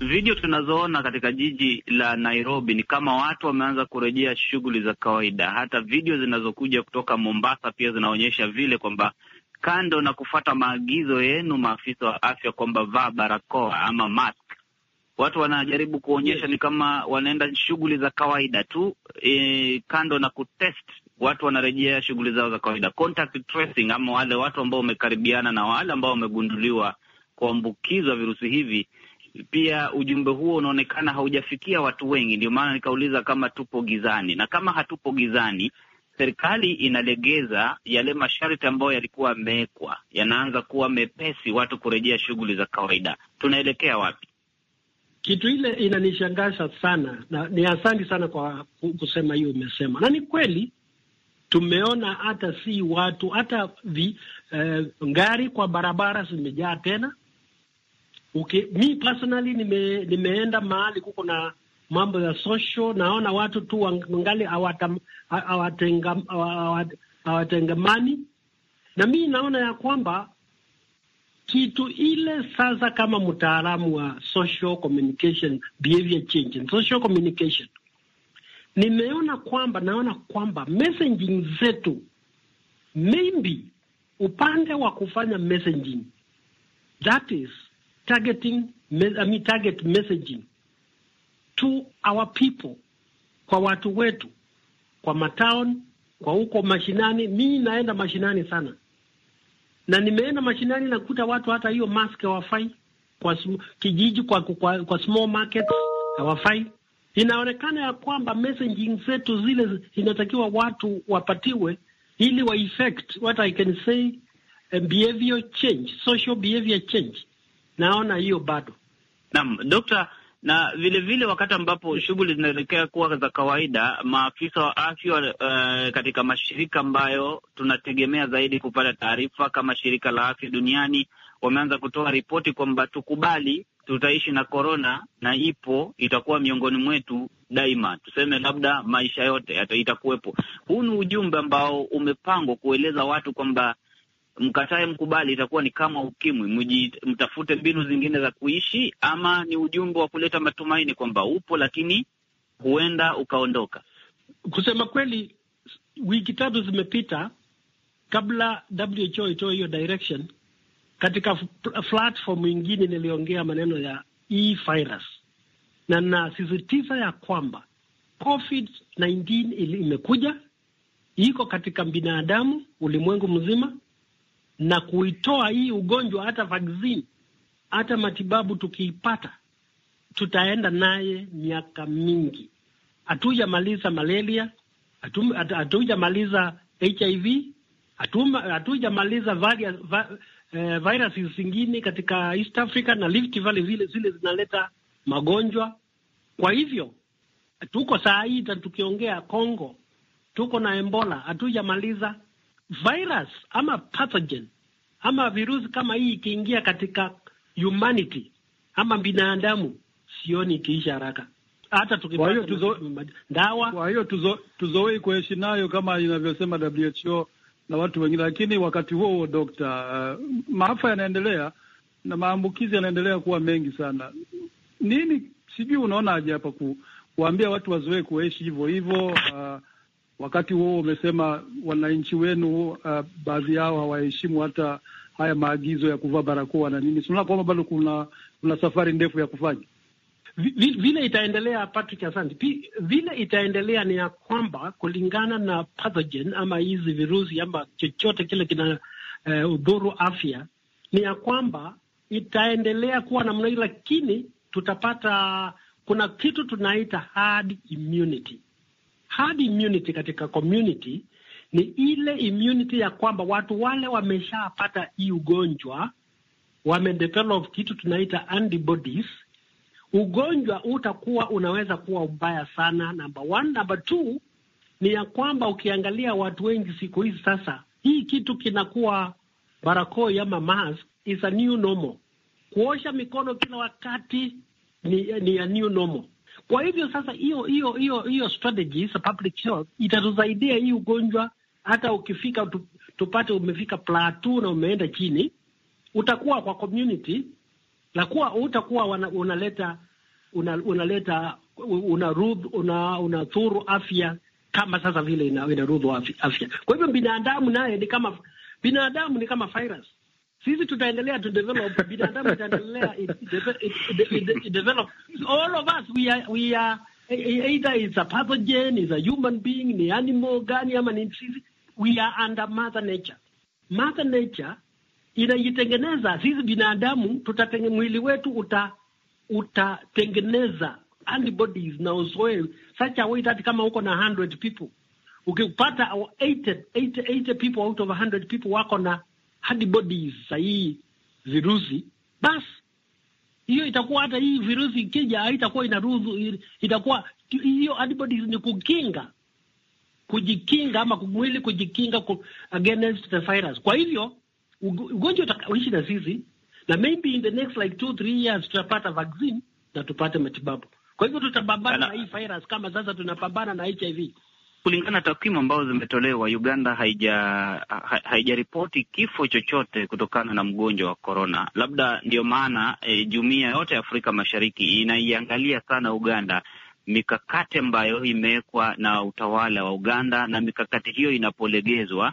Video tunazoona katika jiji la Nairobi ni kama watu wameanza kurejea shughuli za kawaida. Hata video zinazokuja kutoka Mombasa pia zinaonyesha vile kwamba kando na kufuata maagizo yenu maafisa wa afya kwamba vaa barakoa ama mask, watu wanajaribu kuonyesha ni kama wanaenda shughuli za kawaida tu, e, kando na kutest watu wanarejea shughuli zao za kawaida. Contact tracing ama wale watu ambao wamekaribiana na wale ambao wamegunduliwa kuambukizwa virusi hivi, pia ujumbe huo unaonekana haujafikia watu wengi. Ndio maana nikauliza kama tupo gizani, na kama hatupo gizani, serikali inalegeza yale masharti ambayo yalikuwa yamewekwa, yanaanza kuwa mepesi, watu kurejea shughuli za kawaida. Tunaelekea wapi? Kitu ile inanishangaza sana na ni asanti sana kwa kusema hiyo umesema, na ni kweli tumeona hata si watu hata vi eh, ngari kwa barabara zimejaa tena. Okay, mi personally nime, nimeenda mahali kuko na mambo ya social, naona watu tu wangali hawatengamani, na mi naona ya kwamba kitu ile sasa, kama mtaalamu wa social communication, behavior change, social communication nimeona kwamba naona kwamba messaging zetu maybe upande wa kufanya messaging that is targeting I mean target messaging to our people, kwa watu wetu, kwa matown, kwa huko mashinani. Mimi naenda mashinani sana, na nimeenda mashinani nakuta watu hata hiyo mask hawafai, kwa kijiji, kwa, kwa, kwa small markets hawafai inaonekana ya kwamba messaging zetu zile inatakiwa watu wapatiwe ili wa effect what I can say eh, behavior change, social behavior change. Naona hiyo bado. Naam, Dokta, na vile vile wakati ambapo shughuli zinaelekea kuwa za kawaida, maafisa wa afya uh, katika mashirika ambayo tunategemea zaidi kupata taarifa kama shirika la afya duniani wameanza kutoa ripoti kwamba tukubali tutaishi na korona na ipo, itakuwa miongoni mwetu daima, tuseme labda maisha yote itakuwepo. Huu ni ujumbe ambao umepangwa kueleza watu kwamba mkatae mkubali, itakuwa ni kama ukimwi, mtafute mbinu zingine za kuishi, ama ni ujumbe wa kuleta matumaini kwamba upo, lakini huenda ukaondoka. Kusema kweli, wiki tatu zimepita kabla WHO itoe hiyo direction katika platform nyingine niliongea maneno ya e-virus na nasisitiza ya kwamba COVID-19 imekuja iko katika binadamu ulimwengu mzima, na kuitoa hii ugonjwa, hata vaccine, hata matibabu tukiipata, tutaenda naye miaka mingi. Hatujamaliza malaria, hatujamaliza HIV, hatujamaliza eh, virusi zingine katika East Africa na Rift Valley, zile zile zinaleta magonjwa. Kwa hivyo tuko saa hii tukiongea Congo tuko na Ebola, hatujamaliza virus ama pathogen ama virusi kama hii ikiingia katika humanity ama binadamu, sioni ikiisha haraka hata tukipata dawa. Kwa hiyo tuzoei kuishi nayo kama inavyosema WHO na watu wengine, lakini wakati huo huo dokta, uh, maafa yanaendelea na maambukizi yanaendelea kuwa mengi sana. Nini sijui, unaona unaonaje hapa kuwaambia watu wazoee kuishi hivyo hivyo? Uh, wakati huo umesema wananchi wenu uh, baadhi yao hawaheshimu hata haya maagizo ya kuvaa barakoa na nini. Sinaona kwamba bado kuna kuna safari ndefu ya kufanya vile itaendelea, Patrick, asante. Vile itaendelea ni ya kwamba kulingana na pathogen ama hizi virusi ama chochote kile kina uh, udhuru afya, ni ya kwamba itaendelea kuwa namna hii, lakini tutapata kuna kitu tunaita hard immunity. Hard immunity katika community ni ile immunity ya kwamba watu wale wameshapata hii ugonjwa wamedevelop kitu tunaita antibodies ugonjwa utakuwa unaweza kuwa mbaya sana, namba one. Namba two ni ya kwamba ukiangalia watu wengi siku hizi sasa, hii kitu kinakuwa barakoa ama mask is a new normal. Kuosha mikono kila wakati ni, ni a new normal. Kwa hivyo sasa, hiyo hiyo hiyo hiyo strategies public health itatusaidia hii ugonjwa, hata ukifika tupate umefika plateau na umeenda chini, utakuwa kwa community la kuwa utakuwa unaleta una unaleta unarudhu una, unadhuru afya kama sasa vile inarudhu ina afya. Kwa hivyo binadamu naye ni kama binadamu ni kama virus. Sisi tutaendelea to develop binadamu itaendelea it, develop all of us we are, we are either it's a pathogen is a human being ni animal gani ama ni sisi, we are under mother nature. Mother nature inajitengeneza. Sisi binadamu tutatenge, mwili wetu uta, utatengeneza antibodies na uzoe such a way that kama uko na 100 people ukipata 80, 80, 80 people out of 100 people wako na antibodies za hii virusi, basi hiyo itakuwa hata hii virusi ikija haitakuwa inaruhusu, itakuwa hiyo antibodies ni kukinga kujikinga ama mwili kujikinga against the virus. Kwa hivyo ugonjwa utaishi na sisi, na maybe in the next like two three years tutapata vaccine na tupate matibabu. Kwa hivyo tutapambana na hii virus kama sasa tunapambana na HIV. Kulingana na takwimu ambazo zimetolewa, Uganda haija ha, haijaripoti kifo chochote kutokana na mgonjwa wa korona. Labda ndiyo maana e, jumuiya yote ya Afrika Mashariki inaiangalia sana Uganda, mikakati ambayo imewekwa na utawala wa Uganda, na mikakati hiyo inapolegezwa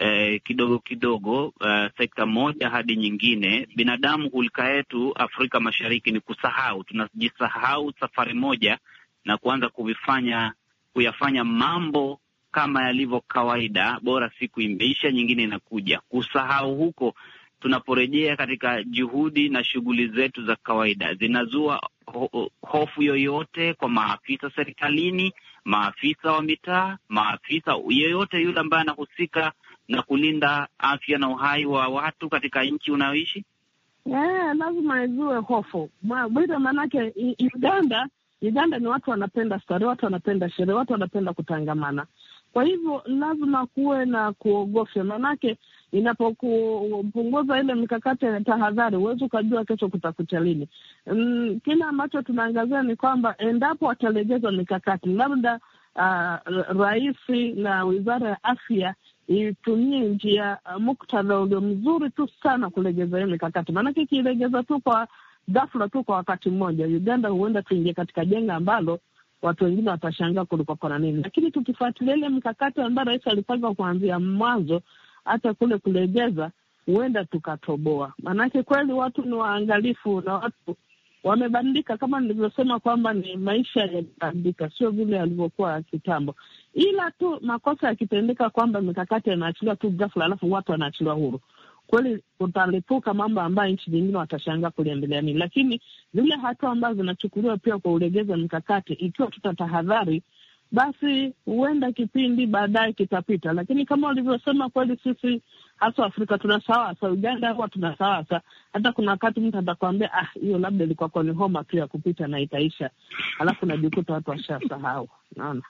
eh, kidogo kidogo, uh, sekta moja hadi nyingine. Binadamu hulika yetu Afrika Mashariki ni kusahau, tunajisahau safari moja na kuanza kuvifanya kuyafanya mambo kama yalivyo kawaida, bora siku imeisha nyingine inakuja. Kusahau huko tunaporejea katika juhudi na shughuli zetu za kawaida zinazua ho hofu yoyote kwa maafisa serikalini, maafisa wa mitaa, maafisa yoyote yule ambaye anahusika na kulinda afya na uhai wa watu katika nchi unayoishi? Yeah, lazima izue hofu bwire, maanake Uganda Uganda ni watu wanapenda starehe, watu wanapenda sherehe, watu wanapenda kutangamana. Kwa hivyo lazima kuwe na kuogofya, maanake inapokupunguza ile mikakati ya tahadhari, huwezi ukajua kesho kutakucha lini. Mm, kile ambacho tunaangazia ni kwamba endapo watalegeza mikakati, labda uh, ah, rais na wizara ya afya itumie njia uh, muktadha ulio mzuri tu sana kulegeza hiyo mikakati, maanake ikiilegeza tu kwa ghafla tu kwa wakati mmoja, Uganda huenda tuingia katika jenga ambalo watu wengine watashangaa kulikuwa kuna nini, lakini tukifuatilia ile mkakati ambayo rais alipanga kuanzia mwanzo hata kule kulegeza, huenda tukatoboa, maanake kweli watu ni waangalifu na watu wamebadilika, kama nilivyosema kwamba ni maisha yamebadilika, sio vile yalivyokuwa kitambo, ila tu makosa yakitendeka kwamba mikakati yanaachiliwa tu ghafla, alafu watu wanaachiliwa huru kweli utalipuka mambo ambayo nchi zingine watashangaa kuliendelea nini, lakini zile hatua ambazo zinachukuliwa pia kwa ulegeza mikakati, ikiwa tuta tahadhari, basi huenda kipindi baadaye kitapita. Lakini kama walivyosema kweli, sisi hasa Afrika tunasawasa, Uganda huwa tunasawasa. Hata kuna wakati mtu atakwambia ah, hiyo labda ilikuwa kwani ni homa tu ya kupita na itaisha, alafu najikuta watu washasahau, naona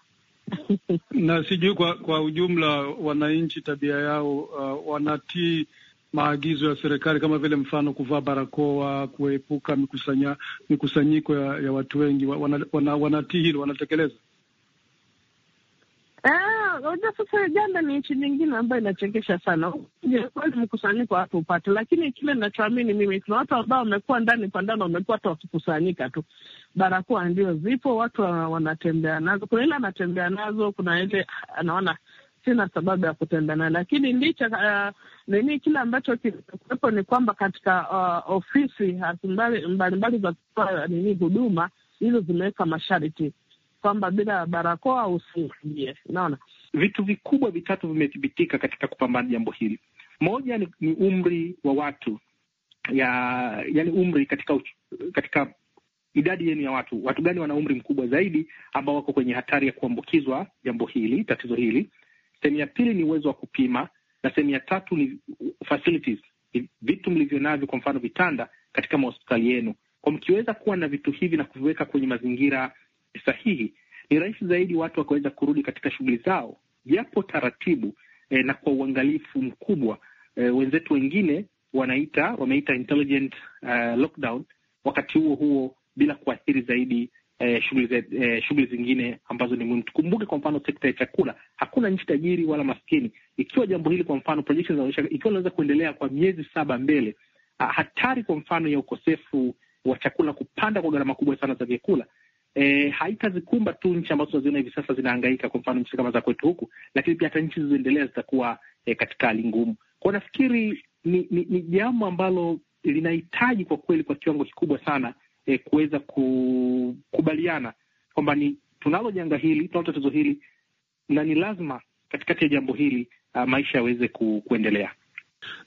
na sijui kwa, kwa ujumla wananchi tabia yao uh, wanatii maagizo ya serikali kama vile mfano kuvaa barakoa, kuepuka mikusanya, mikusanyiko ya, ya watu wengi. Wanatii wana, wana hilo wanatekeleza Ah, unajua, sasa Uganda ni nchi nyingine ambayo inachekesha sana. Kweli mkusanyiko watu upate, lakini kile nachoamini mimi, kuna watu ambao wamekuwa ndani kwa ndani, wamekuwa hata wakikusanyika tu, barakoa ndio zipo, watu wanatembea nazo. Kuna ile anatembea nazo, kuna ile anaona sina sababu ya kutembea nayo, lakini licha uh, nini kile ambacho kimekuwepo ni kwamba katika uh, ofisi mbalimbali za kutoa nini huduma hizo zimeweka masharti kwamba bila barakoa usiingie. Naona vitu vikubwa vitatu vimethibitika katika kupambana jambo hili. Moja ni, ni umri wa watu ya yani umri katika katika idadi yenu ya watu, watu gani wana umri mkubwa zaidi ambao wako kwenye hatari ya kuambukizwa jambo hili, tatizo hili. Sehemu ya pili ni uwezo wa kupima, na sehemu ya tatu ni facilities, vitu mlivyo navyo, kwa mfano vitanda katika mahospitali yenu. Kwa mkiweza kuwa na vitu hivi na kuviweka kwenye mazingira sahihi, ni rahisi zaidi watu wakaweza kurudi katika shughuli zao, japo taratibu eh, na kwa uangalifu mkubwa. Eh, wenzetu wengine wanaita wameita intelligent uh, lockdown wakati huo huo bila kuathiri zaidi eh, shughuli eh, zingine ambazo ni muhimu. Tukumbuke kwa mfano sekta ya chakula, hakuna nchi tajiri wala maskini. Ikiwa jambo hili kwa mfano projections zinaonyesha ikiwa linaweza kuendelea kwa miezi saba mbele, ah, hatari kwa mfano ya ukosefu wa chakula, kupanda kwa gharama kubwa sana za vyakula e, haitazikumba tu nchi ambazo tunaziona hivi sasa zinahangaika, kwa mfano nchi kama za kwetu huku, lakini pia hata nchi zilizoendelea zitakuwa e, katika hali ngumu. Kwa nafikiri ni, ni, ni jambo ambalo linahitaji kwa kweli kwa kiwango kikubwa sana e, kuweza kukubaliana kwamba ni tunalo janga hili, tunalo tatizo hili na ni lazima katikati ya jambo hili a, maisha yaweze ku, kuendelea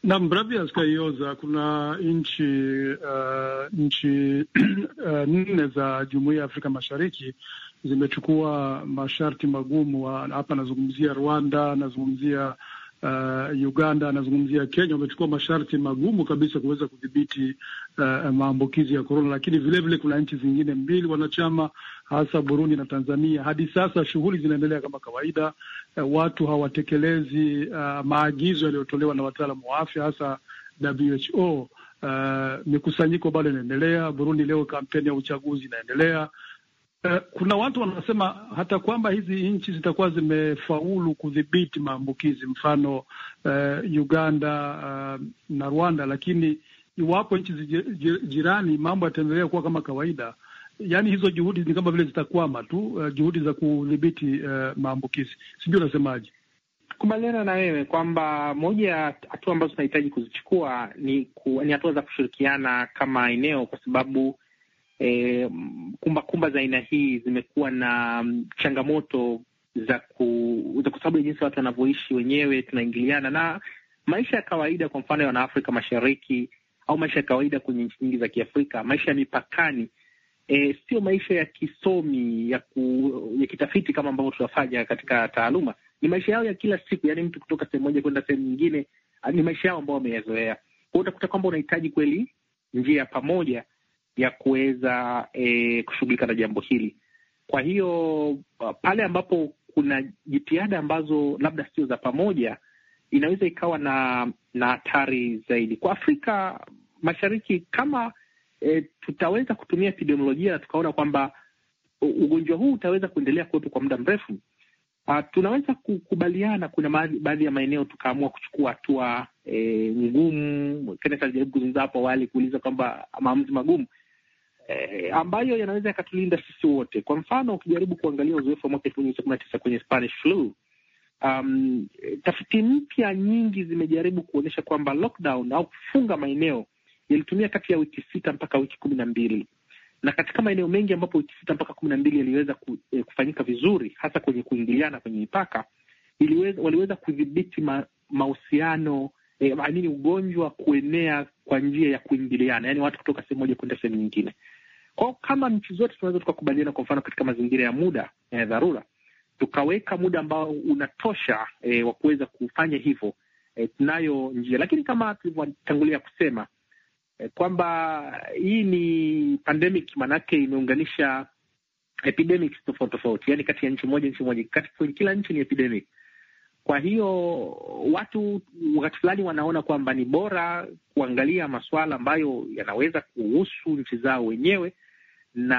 na mradhi Skaioza, kuna nchi uh, nchi uh, nne za Jumuiya ya Afrika Mashariki zimechukua masharti magumu. Ah, hapa anazungumzia Rwanda, anazungumzia uh, eh, Uganda, anazungumzia Kenya. Wamechukua masharti magumu kabisa kuweza kudhibiti uh, maambukizi ya korona, lakini vilevile vile kuna nchi zingine mbili wanachama hasa Burundi na Tanzania, hadi sasa shughuli zinaendelea kama kawaida. Eh, watu hawatekelezi uh, maagizo yaliyotolewa na wataalamu wa afya hasa WHO. Uh, eh, mikusanyiko bado inaendelea Burundi. Leo kampeni ya uchaguzi inaendelea. Uh, kuna watu wanasema hata kwamba hizi nchi zitakuwa zimefaulu kudhibiti maambukizi, mfano uh, Uganda uh, na Rwanda, lakini iwapo nchi jirani mambo yataendelea kuwa kama kawaida, yani hizo juhudi ni kama vile zitakwama tu, uh, juhudi za kudhibiti uh, maambukizi. Sijui unasemaje? Kubaliana na wewe kwamba moja ya hatua ambazo tunahitaji kuzichukua ni ku, ni hatua za kushirikiana kama eneo, kwa sababu eh, kumba kumba za aina hii zimekuwa na mm, changamoto za ku, za kwa sababu ya jinsi watu wanavyoishi wenyewe, tunaingiliana na maisha ya kawaida, kwa mfano ya Wanaafrika Mashariki au maisha ya kawaida kwenye nchi nyingi za Kiafrika, maisha ya mipakani e, sio maisha ya kisomi ya, ku, ya kitafiti kama ambavyo tunafanya katika taaluma. Ni maisha yao ya kila siku, yaani mtu kutoka sehemu moja kwenda sehemu nyingine, ni maisha yao ambao wameyazoea. Kwa hiyo utakuta kwamba unahitaji kweli njia ya pamoja ya kuweza e, kushughulika na jambo hili. Kwa hiyo pale ambapo kuna jitihada ambazo labda sio za pamoja, inaweza ikawa na na hatari zaidi kwa Afrika Mashariki kama e, tutaweza kutumia epidemiolojia na tukaona kwamba ugonjwa huu utaweza kuendelea kuwepo kwa muda mrefu. Uh, tunaweza kukubaliana, kuna baadhi ya maeneo tukaamua kuchukua hatua e, ngumu. Kenneth alijaribu kuzungumza hapo awali kuuliza kwamba maamuzi magumu e, ambayo yanaweza yakatulinda sisi wote. Kwa mfano, ukijaribu kuangalia uzoefu wa mwaka elfu mbili kumi na tisa kwenye Spanish flu, um, e, tafiti mpya nyingi zimejaribu kuonyesha kwamba lockdown au kufunga maeneo yalitumia kati ya wiki sita mpaka wiki kumi na mbili na katika maeneo mengi ambapo wiki sita mpaka kumi na mbili yaliweza ku, eh, kufanyika vizuri, hasa kwenye kuingiliana kwenye mipaka, waliweza kudhibiti ma, mahusiano eh, amini ugonjwa kuenea kwa njia ya kuingiliana, yaani watu kutoka sehemu moja kwenda sehemu nyingine. Kwao kama nchi zote tunaweza tukakubaliana, kwa mfano katika mazingira ya muda ya eh, dharura, tukaweka muda ambao unatosha eh, wa kuweza kufanya hivyo. Eh, tunayo njia, lakini kama tulivyotangulia kusema Eh, kwamba hii ni pandemic, maanake imeunganisha epidemics tofauti tofauti, yani kati ya nchi moja nchi moja, kwenye kila nchi ni epidemic. Kwa hiyo watu wakati fulani wanaona kwamba ni bora kuangalia masuala ambayo yanaweza kuhusu nchi zao wenyewe, na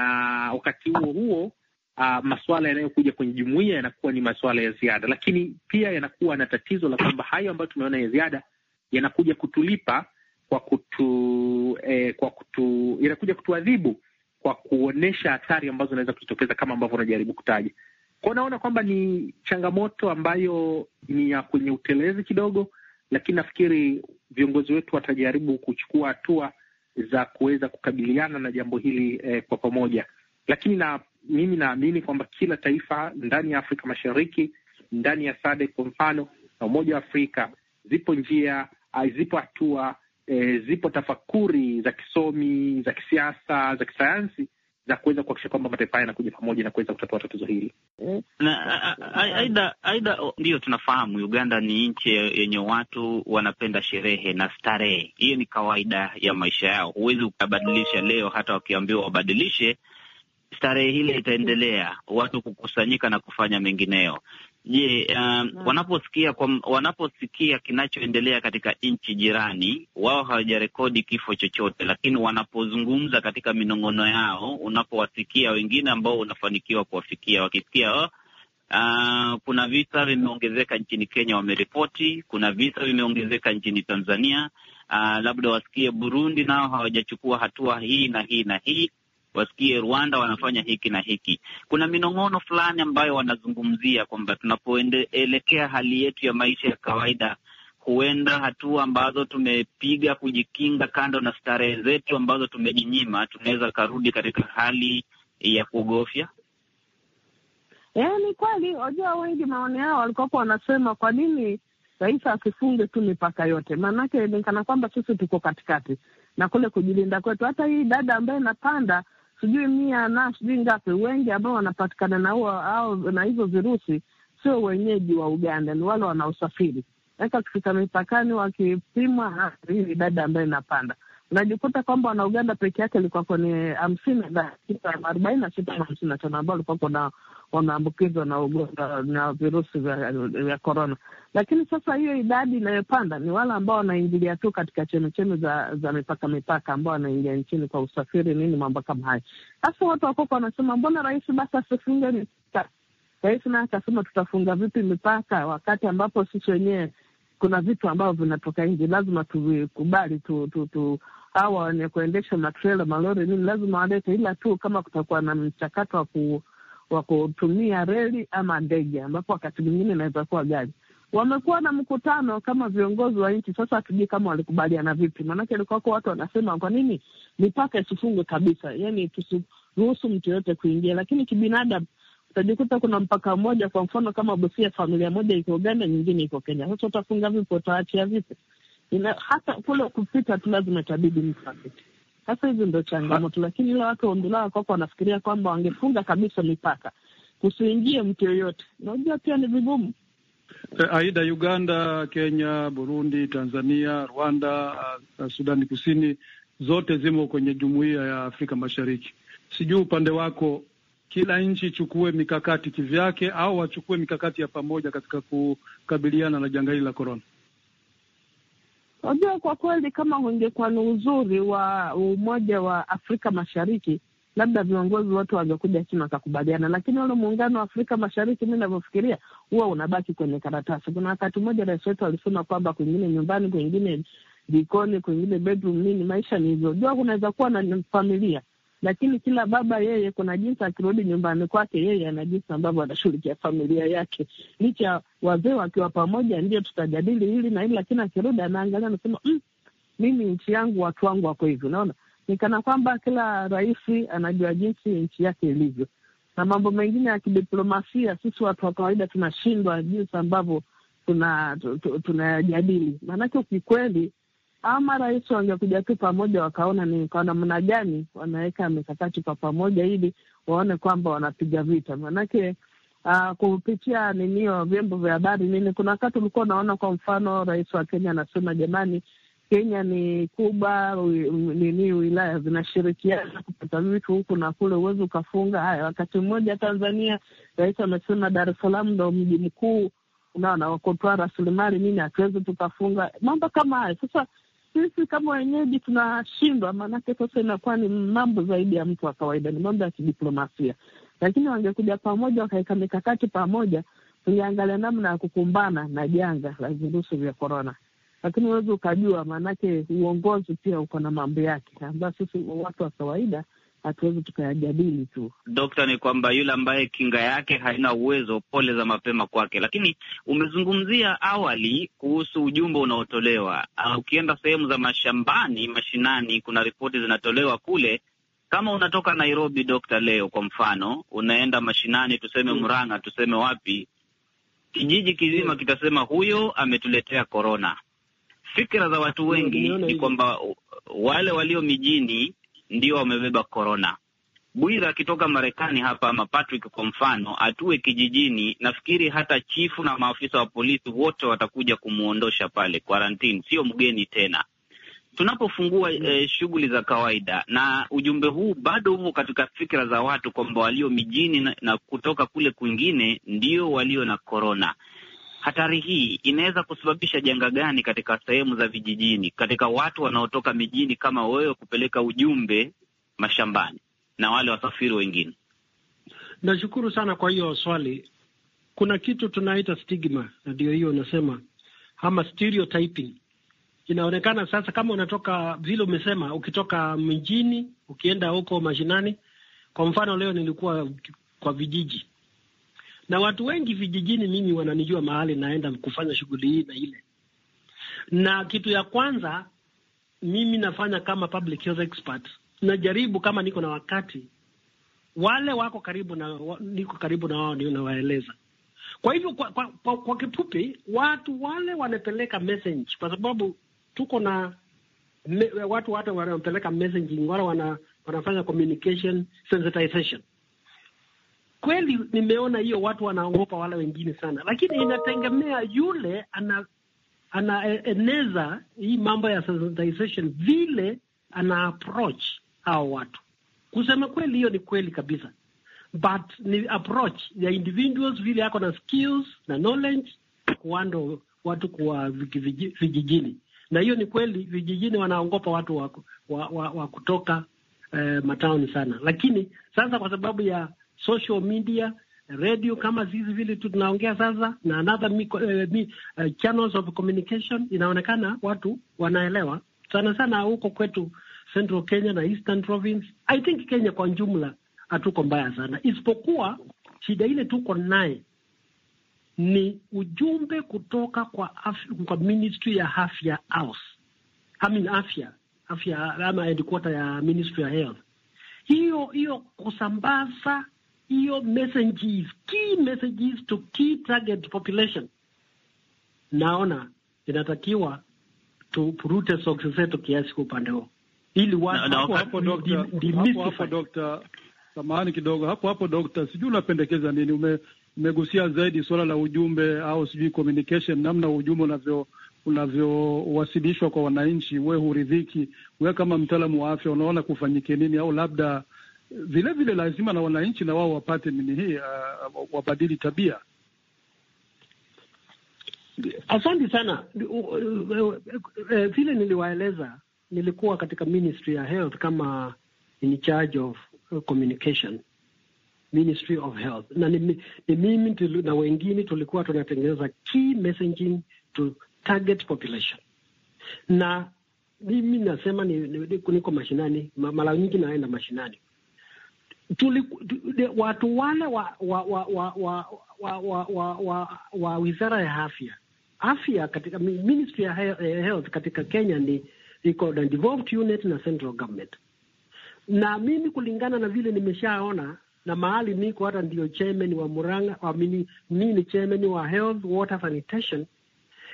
wakati huo huo uh, ah, masuala yanayokuja kwenye jumuia yanakuwa ni masuala ya ziada, lakini pia yanakuwa na tatizo la kwamba hayo ambayo tumeona ya ziada yanakuja kutulipa kwa kutu, eh, kwa kutu inakuja kutuadhibu kwa kuonyesha athari ambazo zinaweza kujitokeza kama ambavyo unajaribu kutaja. Kwa naona kwamba ni changamoto ambayo ni ya kwenye utelezi kidogo, lakini nafikiri viongozi wetu watajaribu kuchukua hatua za kuweza kukabiliana na jambo hili eh, kwa pamoja. Lakini na mimi naamini kwamba kila taifa ndani ya Afrika Mashariki, ndani ya SADC kwa mfano, na Umoja wa Afrika, zipo njia, zipo hatua e, zipo tafakuri za kisomi za kisiasa za kisayansi za kuweza kuhakikisha kwamba mataifa haya yanakuja pamoja na kuweza kutatua tatizo hili. Aidha, aidha ndiyo tunafahamu Uganda ni nchi yenye watu wanapenda sherehe na starehe, hiyo ni kawaida ya maisha yao. Huwezi ukabadilisha leo, hata wakiambiwa wabadilishe starehe hile itaendelea, watu kukusanyika na kufanya mengineyo. Je, um, wanaposikia kwa, wanaposikia kinachoendelea katika nchi jirani, wao hawajarekodi kifo chochote, lakini wanapozungumza katika minong'ono yao, unapowasikia wengine ambao unafanikiwa kuwafikia, wakisikia oh, uh, kuna visa vimeongezeka nchini Kenya, wameripoti kuna visa vimeongezeka nchini Tanzania, uh, labda wasikie Burundi nao hawajachukua hatua hii na hii na hii wasikie Rwanda wanafanya hiki na hiki. Kuna minong'ono fulani ambayo wanazungumzia kwamba tunapoelekea hali yetu ya maisha ya kawaida huenda hatua ambazo tumepiga kujikinga, kando na starehe zetu ambazo tumejinyima, tunaweza karudi katika hali ya kuogofya. E, ni kweli. Wajua, wengi maoni yao walikuwapo wanasema kwa nini rais asifunge tu mipaka yote? Maanake nikana kana kwamba sisi tuko katikati na kule kujilinda kwetu. Hata hii dada ambaye inapanda sijui mia na sijui ngapi. Wengi ambao wanapatikana na huo au na hizo virusi sio wenyeji wa Uganda, ni wale wanaosafiri. Sasa kufika mipakani, wakipimwa ah, idadi ambayo inapanda najikuta kwamba wana Uganda peke yake ilikuwa kwenye hamsini na sita arobaini na sita na hamsini na tano ambao na wameambukizwa na ugonjwa na virusi vya korona, lakini sasa hiyo idadi inayopanda ni wale ambao wanaingilia tu katika chemichemi za za mipaka mipaka, ambao wanaingia nchini kwa usafiri nini, mambo kama hayo. Sasa watu wakoko wanasema mbona rais basi asifunge mipaka? Rais naye akasema tutafunga vipi mipaka wakati ambapo sisi wenyewe kuna vitu ambavyo vinatoka nje, lazima tuvikubali tu, tu, tu hawa wenye kuendesha matrela malori nini lazima walete, ila tu kama kutakuwa na mchakato wa ku, wa kutumia reli ama ndege, ambapo wakati mwingine inaweza kuwa gari. Wamekuwa na mkutano kama viongozi wa nchi, sasa hatujui kama walikubaliana vipi, maanake alikuwako watu wanasema kwa nini mipaka isifungwe kabisa, yani tusiruhusu mtu yoyote kuingia, lakini kibinadamu utajikuta kuna mpaka mmoja, kwa mfano kama Busia, familia moja iko Uganda, nyingine iko Kenya. Sasa utafunga vipi? Utaachia vipi? Hata kule kupita tu lazima itabidi mtu apite. Sasa hizi ndo changamoto, lakini ile watu waondolao kwako wanafikiria kwamba wangefunga kabisa mipaka kusiingie mtu yoyote. Unajua pia ni vigumu eh, Aida, Uganda, Kenya, Burundi, Tanzania, Rwanda, uh, Sudani Kusini zote zimo kwenye jumuiya ya Afrika Mashariki. Sijui upande wako kila nchi ichukue mikakati kivyake au achukue mikakati ya pamoja katika kukabiliana na janga hili la korona? Unajua, kwa kweli kama ungekuwa ni uzuri wa Umoja wa Afrika Mashariki, labda viongozi wote wangekuja chini wakakubaliana, lakini ule muungano wa Afrika Mashariki, mi navyofikiria, huwa unabaki kwenye karatasi. Kuna wakati mmoja rais wetu alisema kwamba kwingine nyumbani, kwingine jikoni, kwingine bedroom, nini. Maisha ni hivyo. Jua kunaweza kuwa na familia lakini kila baba yeye kuna jinsi akirudi nyumbani kwake yeye ana jinsi ambavyo anashughulikia familia yake, licha wazee wakiwa pamoja, ndio tutajadili hili na hili, lakini akirudi anaangalia anasema, mm, mimi nchi yangu, watu wangu wako hivi. Unaona, ni kana kwamba kila rais anajua jinsi nchi yake ilivyo, na mambo mengine ya kidiplomasia sisi watu wa kawaida tunashindwa jinsi ambavyo tunayajadili tuna, tuna, maanake ukikweli ama rais wangekuja tu pamoja, wakaona ni kwa namna gani wanaweka mikakati kwa pamoja, ili waone kwamba wanapiga vita manake Uh, kupitia ninio vyombo vya habari nini, kuna wakati ulikuwa unaona, kwa mfano rais wa Kenya anasema jamani, Kenya ni Kuba, nini, wilaya zinashirikiana kupata vitu huku na kule, huwezi ukafunga haya. Wakati mmoja Tanzania rais amesema Dar es Salaam ndo mji mkuu, unaona, wakutoa rasilimali nini, hatuwezi tukafunga mambo kama haya. Sasa sisi kama wenyeji tunashindwa, maanake sasa inakuwa ni mambo zaidi ya mtu wa kawaida, ni mambo ya kidiplomasia. Lakini wangekuja pamoja, wakaweka mikakati pamoja, tungeangalia namna ya kukumbana na janga la virusi vya korona. Lakini huwezi ukajua, maanake uongozi pia uko na mambo yake ambayo sisi watu wa kawaida hatuwezi tukayajadili tu. Dokta, ni kwamba yule ambaye kinga yake haina uwezo, pole za mapema kwake. Lakini umezungumzia awali kuhusu ujumbe unaotolewa. Uh, ukienda sehemu za mashambani, mashinani, kuna ripoti zinatolewa kule kama unatoka Nairobi dokta, leo kwa mfano, unaenda mashinani, tuseme mranga mm. tuseme wapi, kijiji kizima mm. kitasema huyo ametuletea korona. Fikira za watu wengi ni kwamba wale walio mijini ndio wamebeba korona. Bwira akitoka Marekani hapa ama Patrick kwa mfano, atue kijijini, nafikiri hata chifu na maafisa wa polisi wote watakuja kumwondosha pale quarantine, sio mgeni tena tunapofungua eh, mm-hmm. shughuli za kawaida. Na ujumbe huu bado upo katika fikra za watu kwamba walio mijini na, na kutoka kule kwingine ndio walio na korona hatari hii inaweza kusababisha janga gani katika sehemu za vijijini, katika watu wanaotoka mijini kama wewe kupeleka ujumbe mashambani na wale wasafiri wengine? Nashukuru sana kwa hiyo swali. Kuna kitu tunaita stigma, na ndio hiyo unasema ama stereotyping inaonekana sasa, kama unatoka vile umesema, ukitoka mjini ukienda huko mashinani. Kwa mfano leo nilikuwa kwa vijiji na watu wengi vijijini, mimi wananijua mahali naenda kufanya shughuli hii na ile. Na kitu ya kwanza mimi nafanya kama public health expert, najaribu kama niko na wakati, wale wako karibu na niko karibu na wao, ndio nawaeleza. Kwa hivyo kwa, kwa, kwa, kwa kifupi, watu wale wanapeleka message, kwa sababu tuko na me, watu wote wanapeleka message, wale wana, wanafanya communication sensitization kweli nimeona hiyo watu wanaogopa wale wengine sana, lakini inategemea yule ana anaeneza hii mambo ya sensitization vile ana approach hao watu. Kusema kweli, hiyo ni kweli kabisa, but ni approach ya individuals vile yako na skills na knowledge kuando watu kuwa vijijini, na hiyo ni kweli, vijijini wanaogopa watu wa, wa, wa, wa kutoka eh, mataoni sana, lakini sasa kwa sababu ya social media, radio kama zizi vile tu tunaongea sasa, na another miko, uh, eh, mi, uh, channels of communication. Inaonekana watu wanaelewa sana sana huko kwetu Central Kenya na Eastern Province. I think Kenya kwa jumla hatuko mbaya sana, isipokuwa shida ile tuko naye ni ujumbe kutoka kwa afya, kwa ministry ya afya house I mean afya afya ama headquarter ya ministry ya health, hiyo hiyo kusambaza hiyo messages, key messages to key target population, naona inatakiwa tupurute soksi zetu kiasi kwa upande huo, ili samahani kidogo hapo hapo, Dokta, sijui unapendekeza nini? Ume, umegusia zaidi suala la ujumbe au sijui communication, namna ujumbe unavyo unavyowasilishwa kwa wananchi. We huridhiki, we kama mtaalamu wa afya, unaona kufanyike nini? Au labda Vilevile vile lazima na wananchi na wao wapate nini hii, uh, uh wabadili tabia. Asante sana. Uh, uh, vile niliwaeleza, nilikuwa katika ministry ya health kama in charge of communication Ministry of Health na ni, mimi na wengine tulikuwa tunatengeneza key messaging to target population, na mimi nasema ni, ni, niko mashinani, mara nyingi naenda mashinani tuliku, tu, watu wale wa wa wa wa wa wa, wa, wa, wa, wa wizara ya afya afya katika ministry ya eh, health katika Kenya ni iko na devolved unit na central government, na mimi kulingana na vile nimeshaona na mahali niko hata ndio chairman wa Muranga wa mini, mini chairman wa health water sanitation,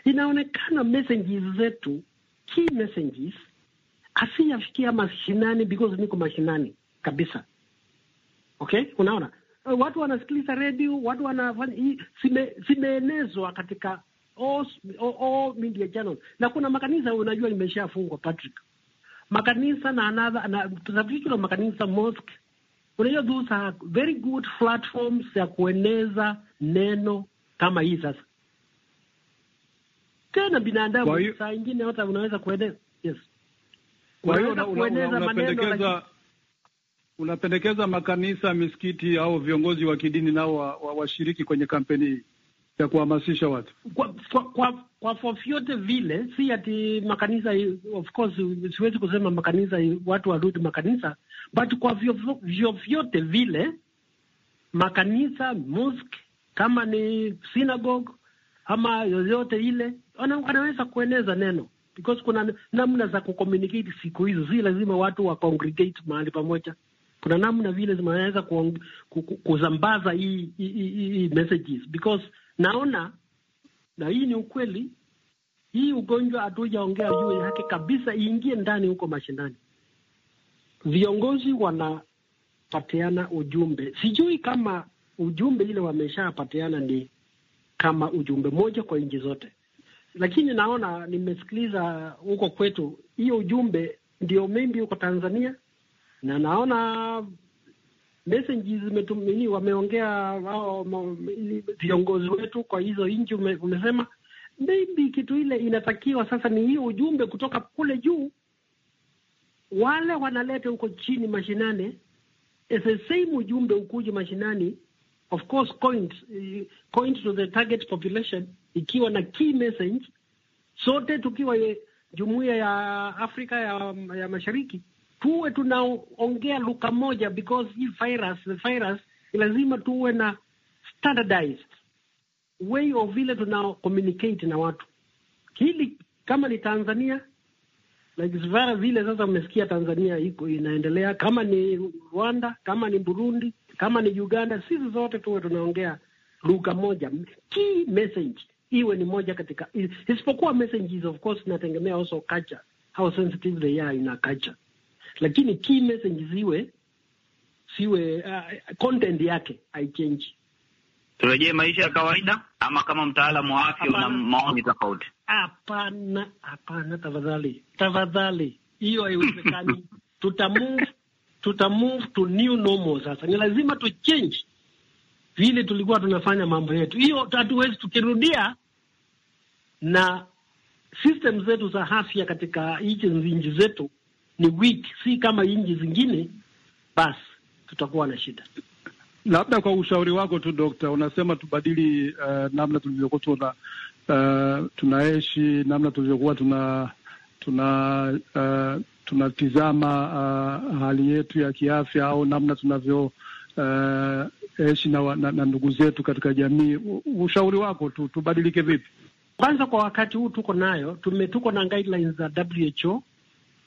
inaonekana messages zetu key messages asiyafikia mashinani because niko mashinani kabisa Okay, unaona eh, watu wanasikiliza redio, watu wanafanya, hii zimeenezwa katika all, all, all media channels, na kuna makanisa unajua imeshafungwa Patrick, makanisa na another na particular makanisa mosque, unajua those are very good platforms ya kueneza neno kama hii sasa tena binadamu saa ingine hata unaweza kueneza yes, unaweza kueneza maneno unapendekeza makanisa, misikiti au viongozi wa kidini nao washiriki wa, wa kwenye kampeni hii ya kuhamasisha watu kwa kwa, kwa, kwa vyovyote vile, si ati makanisa, of course siwezi kusema makanisa watu warudi makanisa, but kwa vyovyote vile makanisa, mosque kama ni synagogue ama yoyote ile, wanaweza kueneza neno because kuna namna za kucommunicate siku hizo, si lazima watu wa congregate mahali pamoja kuna namna vile zinaweza kusambaza hii, hii, hii, hii messages because naona na hii ni ukweli, hii ugonjwa hatujaongea juu yake kabisa, iingie ndani huko mashindani Viongozi wanapatiana ujumbe, sijui kama ujumbe ile wameshapatiana ni kama ujumbe moja kwa nchi zote, lakini naona nimesikiliza huko kwetu hiyo ujumbe ndio maybe huko Tanzania na naona messages zimetumini, wameongea viongozi wetu kwa hizo nchi ume, umesema maybe kitu ile inatakiwa sasa ni hii ujumbe kutoka kule juu, wale wanaleta huko chini mashinani, same ujumbe ukuje mashinani, of course coined coined to the target population, ikiwa na key message sote tukiwa jumuiya ya Afrika ya, ya Mashariki tuwe tunaongea lugha moja, because hii virus, the virus lazima tuwe na standardized way of vile tuna communicate na watu kili, kama ni Tanzania like vara vile sasa, umesikia Tanzania iko inaendelea, kama ni Rwanda, kama ni Burundi, kama ni Uganda, sisi zote tuwe tunaongea lugha moja, key message iwe ni moja katika, isipokuwa messages of course inategemea also culture, how sensitive they are in a culture lakini key message ziwe siwe uh, content yake haichange. Turejee maisha ya kawaida, ama kama mtaalamu wa afya una maoni tofauti? Hapana, hapana, tafadhali, tafadhali, hiyo haiwezekani. tuta move tuta move to new normal. Sasa ni lazima tu change vile tulikuwa tunafanya mambo yetu, hiyo hatuwezi tukirudia na system zetu za afya katika nchi zetu ni weak, si kama nchi zingine, basi tutakuwa na shida. Labda kwa ushauri wako tu Dokta, unasema tubadili uh, namna tulivyokuwa tuna uh, tunaishi namna tulivyokuwa tuna tuna uh, tunatizama uh, hali yetu ya kiafya au namna tunavyo uh, uh, na, na, na ndugu zetu katika jamii. Ushauri wako tu, tubadilike vipi? Kwanza, kwa wakati huu tuko nayo tume, tuko na guidelines za WHO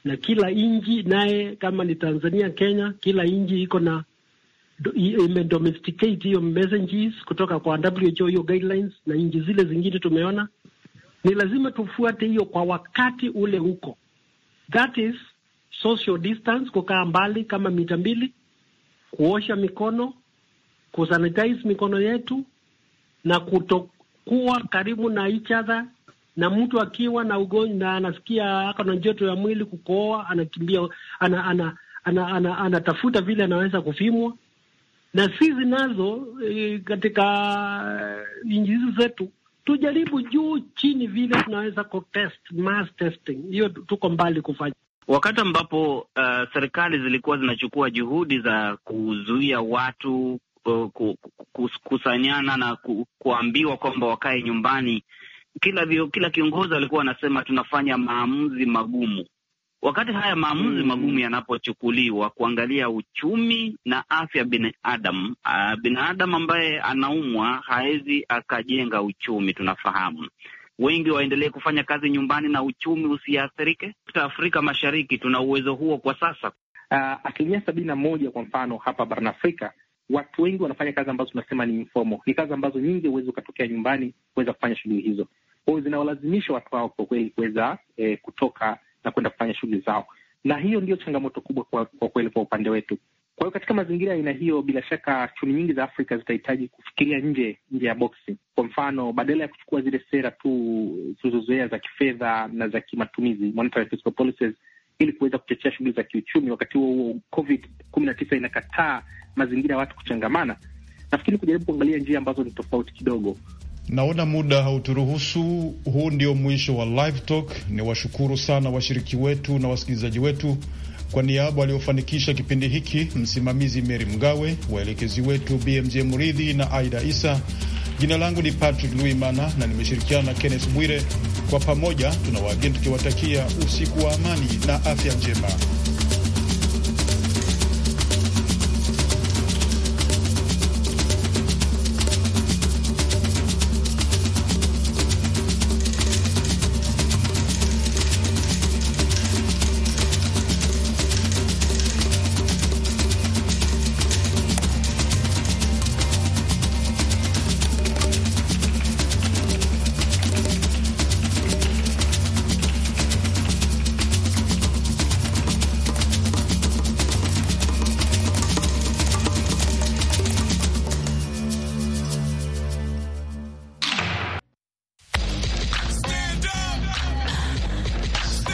na kila nchi naye, kama ni Tanzania, Kenya, kila nchi iko na imedomesticate hiyo messages kutoka kwa WHO, hiyo guidelines, na nchi zile zingine tumeona ni lazima tufuate hiyo kwa wakati ule huko, that is social distance, kukaa mbali kama mita mbili, kuosha mikono, kusanitize mikono yetu na kutokuwa karibu na each other na mtu akiwa na ugonjwa na anasikia ako na joto ya mwili kukooa, anakimbia ana, ana, ana, ana, anatafuta vile anaweza kupimwa. Na sisi nazo e, katika eh, nchi hizi zetu tujaribu juu chini vile tunaweza kutest, mass testing hiyo tuko mbali kufanya. Wakati ambapo uh, serikali zilikuwa zinachukua juhudi za kuzuia watu uh, kusanyana na ku, kuambiwa kwamba wakae nyumbani kila vio, kila kiongozi alikuwa anasema tunafanya maamuzi magumu. Wakati haya maamuzi mm, magumu yanapochukuliwa kuangalia uchumi na afya binadamu, binadamu ambaye anaumwa hawezi akajenga uchumi, tunafahamu wengi waendelee kufanya kazi nyumbani na uchumi usiathirike. Afrika Mashariki tuna uwezo huo kwa sasa. Uh, asilimia sabini na moja kwa mfano hapa barani Afrika, watu wengi wanafanya kazi ambazo tunasema ni mfomo, ni kazi ambazo nyingi huwezi ukatokea nyumbani kuweza kufanya shughuli hizo kwao, zinawalazimisha watu hao kwa kweli kuweza eh, kutoka na kwenda kufanya shughuli zao, na hiyo ndio changamoto kubwa kwa, kwa kweli kwa upande wetu. Kwa hiyo katika mazingira ya aina hiyo, bila shaka chumi nyingi za Afrika zitahitaji kufikiria nje nje ya boksi. Kwa mfano, badala ya kuchukua zile sera tu zilizozoea za kifedha na za kimatumizi, monetary fiscal policies, ili kuweza kuchochea shughuli za kiuchumi, wakati huo huo COVID kumi na tisa inakataa mazingira ya watu kuchangamana, nafikiri kujaribu kuangalia njia ambazo ni tofauti kidogo. Naona muda hauturuhusu. Huu ndio mwisho wa Live Talk. Ni washukuru sana washiriki wetu na wasikilizaji wetu. Kwa niaba waliofanikisha kipindi hiki, msimamizi Meri Mgawe, waelekezi wetu BMJ Muridhi na Aida Isa. Jina langu ni Patrick Luimana na nimeshirikiana na Kenneth Bwire. Kwa pamoja tuna wageni tukiwatakia usiku wa amani na afya njema.